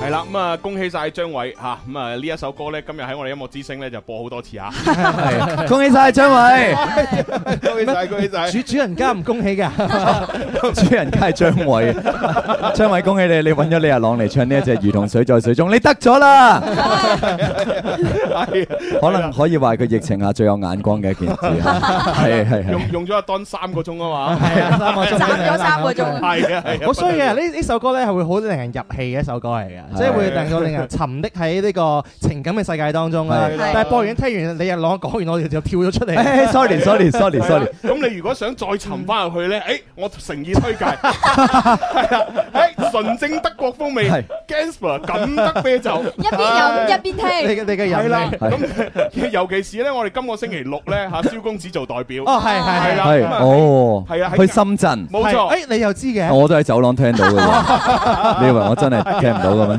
係啦，咁啊，恭喜晒張偉吓，咁啊呢一首歌咧，今日喺我哋音樂之聲咧就播好多次啊！恭喜晒張偉，恭喜晒，恭喜晒！主主人家唔恭喜嘅，主人家係張偉，張偉恭喜你，你揾咗李日朗嚟唱呢一隻《如同水在水中》，你得咗啦！可能可以話佢疫情下最有眼光嘅一件事係係係用用咗阿 Don 三個鐘啊嘛，係啊，三個鐘，賺咗三個鐘，係啊係，好衰嘅呢呢首歌咧係會好令人入戲嘅一首歌嚟嘅。即係會令到令人沉溺喺呢個情感嘅世界當中啦。但係播完聽完李日朗講完，我哋就跳咗出嚟。Sorry，Sorry，Sorry，Sorry。咁你如果想再沉翻入去咧，誒，我誠意推介係啊，誒，純正德國風味 Gansper，咁得啤酒，一邊飲一邊聽。你嘅你嘅人味。咁尤其是咧，我哋今個星期六咧吓，蕭公子做代表。哦，係係係，哦，係啊，去深圳。冇錯。誒，你又知嘅。我都喺走廊聽到嘅。你以為我真係聽唔到嘅咩？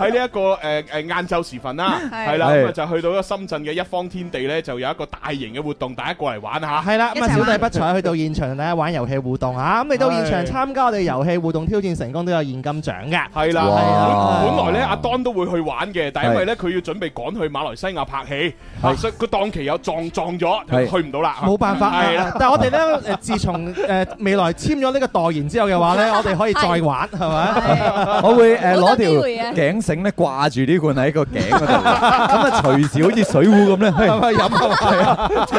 喺呢一個誒誒晏晝時分啦，係啦，咁啊就去到深圳嘅一方天地咧，就有一個大型嘅活動，大家過嚟玩下。係啦，咁啊小弟不才去到現場，大家玩遊戲互動吓。咁你到現場參加我哋遊戲互動挑戰成功，都有現金獎嘅。係啦，係啊，本來咧阿當都會去玩嘅，但係因為咧佢要準備趕去馬來西亞拍戲，啊，所以個檔期又撞撞咗，去唔到啦。冇辦法。係啦，但係我哋咧誒，自從誒未來簽咗呢個代言之後嘅話咧，我哋可以再玩係咪？我會誒。攞條頸繩咧掛住呢罐喺個頸嗰度，咁啊隨時好似水壺咁咧去飲，隨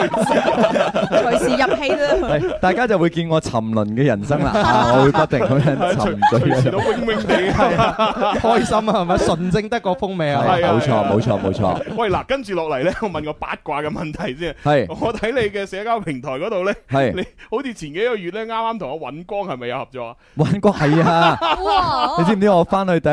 時入氣啦。大家就會見我沉淪嘅人生啦，我會不斷咁樣沉醉住，醉到懵懵地，開心啊，係咪？純正德國風味啊，係啊，冇錯冇錯冇錯。喂，嗱，跟住落嚟咧，我問個八卦嘅問題先。係，我睇你嘅社交平台嗰度咧，係你好似前幾個月咧，啱啱同阿尹光係咪有合作？尹光係啊，你知唔知我翻去第？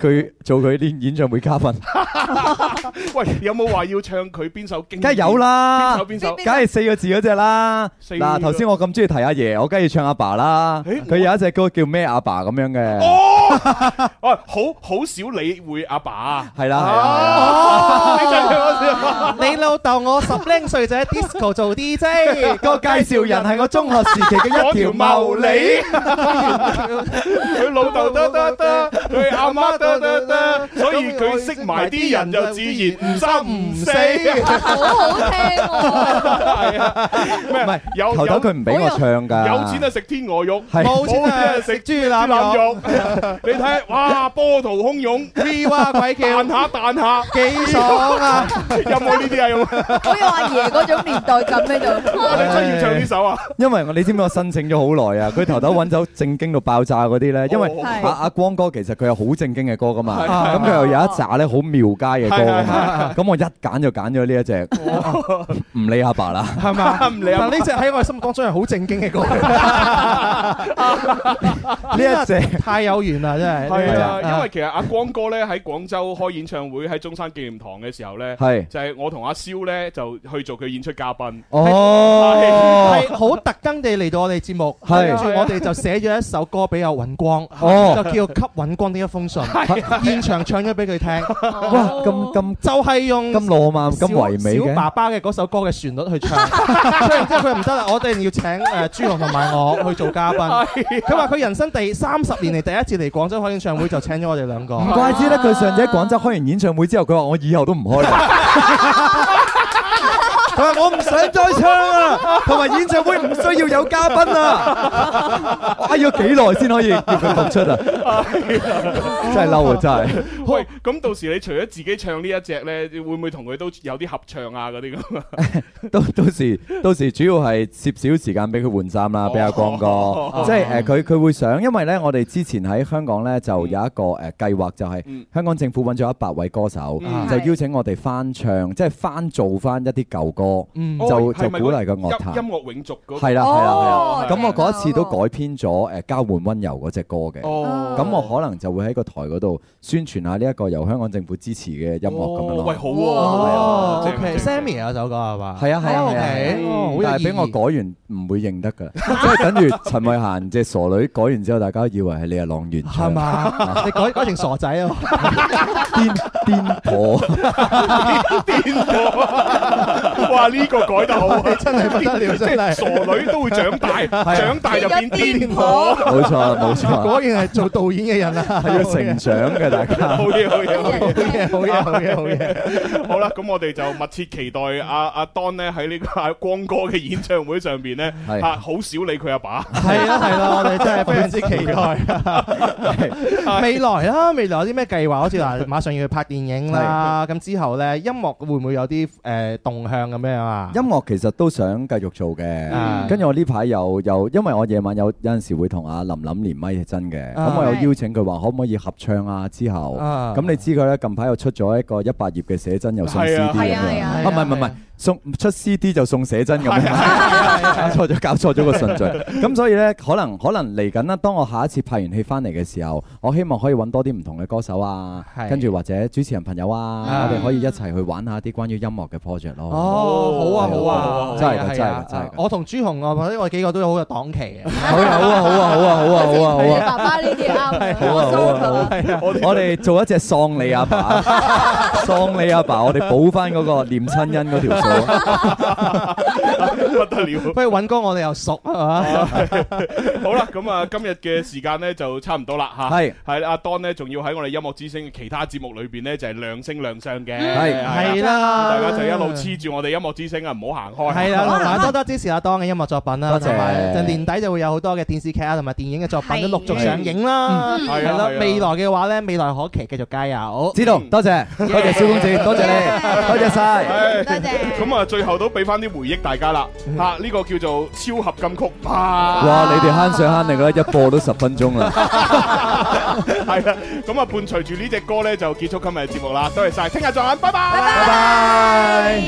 佢做佢啲演唱會嘉賓，喂，有冇話要唱佢邊首？梗係有啦，邊首邊首？梗係四個字嗰隻啦。嗱，頭先我咁中意睇阿爺，我梗係要唱阿爸啦。佢有一隻歌叫咩阿爸咁樣嘅。哦，喂，好好少理會阿爸啊。係啦，係啦。你老豆我十零歲就喺 disco 做 DJ，個介紹人係我中學時期嘅一條茂利。佢老豆得得得，佢阿媽得。得得得，所以佢識埋啲人就自然唔生唔死，好好聽喎。係啊，咩唔係？頭頭佢唔俾我唱㗎。有錢啊，食天鵝肉，冇錢啊，食豬腩肉。你睇哇，波濤洶湧，咩話，鬼叫彈下彈下，幾爽啊！有冇呢啲啊？有冇？好有阿爺嗰種年代感喺度。你真要唱呢首啊？因為我，你知唔知我申請咗好耐啊？佢頭頭揾走正經到爆炸嗰啲咧，因為阿，阿光哥其實佢係好正經嘅。歌噶嘛，咁佢又有一紮咧好廟街嘅歌，咁我一揀就揀咗呢一隻，唔理阿爸啦。係咪？唔理阿爸呢隻喺我嘅心目中係好正經嘅歌。呢一隻太有緣啦，真係。係啊，因為其實阿光哥咧喺廣州開演唱會喺中山紀念堂嘅時候咧，係就係我同阿蕭咧就去做佢演出嘉賓。哦，係好特登地嚟到我哋節目，跟住我哋就寫咗一首歌俾阿尹光，就叫《給尹光呢一封信》。啊、現場唱咗俾佢聽，哇！咁咁就係用咁浪漫咁唯美嘅爸爸嘅嗰首歌嘅旋律去唱，然之後佢唔得啦，我哋要請誒、呃、朱龍同埋我去做嘉賓。佢話：佢人生第三十年嚟第一次嚟廣州開演唱會，就請咗我哋兩個。唔怪之得佢上次喺廣州開完演唱會之後，佢話：我以後都唔開喇。 [LAUGHS] [LAUGHS] 我唔想再唱啦，同埋演唱會唔需要有嘉賓啊！啊，要幾耐先可以叫佢復出啊？真係嬲啊！真係。喂，咁到時你除咗自己唱呢一隻咧，會唔會同佢都有啲合唱啊？嗰啲咁啊？到到時，到時主要係攝少時間俾佢換衫啦，俾阿光哥。即係誒，佢佢會想，因為咧，我哋之前喺香港咧就有一個誒計劃，就係香港政府揾咗一百位歌手，就邀請我哋翻唱，即係翻做翻一啲舊歌。嗯，就就鼓勵個樂壇，音樂永續㗎。係啦，係啦，係啦。咁我嗰一次都改編咗誒交換溫柔嗰隻歌嘅。哦，咁我可能就會喺個台嗰度宣傳下呢一個由香港政府支持嘅音樂咁樣咯。喂，好哦。OK，Sammy 有，首歌係嘛？係啊係啊。哦，好得意。但係俾我改完唔會認得噶，即係等於陳慧嫻隻傻女改完之後，大家以為係你係郎源。係嘛？你改改成傻仔啊？癲癲婆，癲婆。啊！呢個改得好，真係不得了，真係。傻女都會長大，長大就變好。冇錯，冇錯。果然係做導演嘅人啊，係要成長嘅大家。好嘢，好嘢，好嘢，好嘢，好嘢，好嘢。好啦，咁我哋就密切期待阿阿當咧喺呢個光哥嘅演唱會上邊咧，啊，好少理佢阿爸。係啦，係啦，我哋真係非常之期待。未來啦，未來有啲咩計劃？好似嗱，馬上要去拍電影啦。咁之後咧，音樂會唔會有啲誒動向咁？咩啊？音樂其實都想繼續做嘅，跟住、嗯、我呢排又又，因為我夜晚有有陣時會同阿林林連麥係真嘅，咁、啊、我有邀請佢話可唔可以合唱啊？之後咁、啊嗯嗯、你知佢咧近排又出咗一個一百頁嘅寫真，又送 CD 咁樣嘅，啊唔係唔係唔係。送出 CD 就送寫真咁樣，搞錯咗，搞錯咗個順序。咁所以咧，可能可能嚟緊啦。當我下一次拍完戲翻嚟嘅時候，我希望可以揾多啲唔同嘅歌手啊，跟住或者主持人朋友啊，我哋可以一齊去玩下啲關於音樂嘅 project 咯。哦，好啊，好啊，真係，真係，真係。我同朱紅啊，或者我哋幾個都有好有檔期嘅。好啊，好啊，好啊，好啊，好啊，好啊！好啊。爸爸呢啲啱，我做佢。我哋做一隻喪你阿爸，喪你阿爸，我哋補翻嗰個念親恩嗰條。不得了，不如尹哥我哋又熟係好啦，咁啊今日嘅時間咧就差唔多啦吓，係係阿當咧仲要喺我哋音樂之星其他節目裏邊咧就係亮星亮相嘅，係係啦，大家就一路黐住我哋音樂之星啊，唔好行開，係啦，多多支持阿當嘅音樂作品啦，就年底就會有好多嘅電視劇啊同埋電影嘅作品都陸續上映啦，係咯，未來嘅話咧未來可期，繼續加油，知道，多謝，多謝小公子，多謝你，多謝晒，多謝。咁啊，最後都俾翻啲回憶大家啦，啊，呢個叫做超合金曲啊！哇，你哋慳水慳力啦， [LAUGHS] 一播都十分鐘啦，係啦， [LAUGHS] [LAUGHS] [LAUGHS] 咁啊，伴隨住呢隻歌咧就結束今日嘅節目啦， [LAUGHS] 多謝晒，聽日再玩，拜拜，拜拜。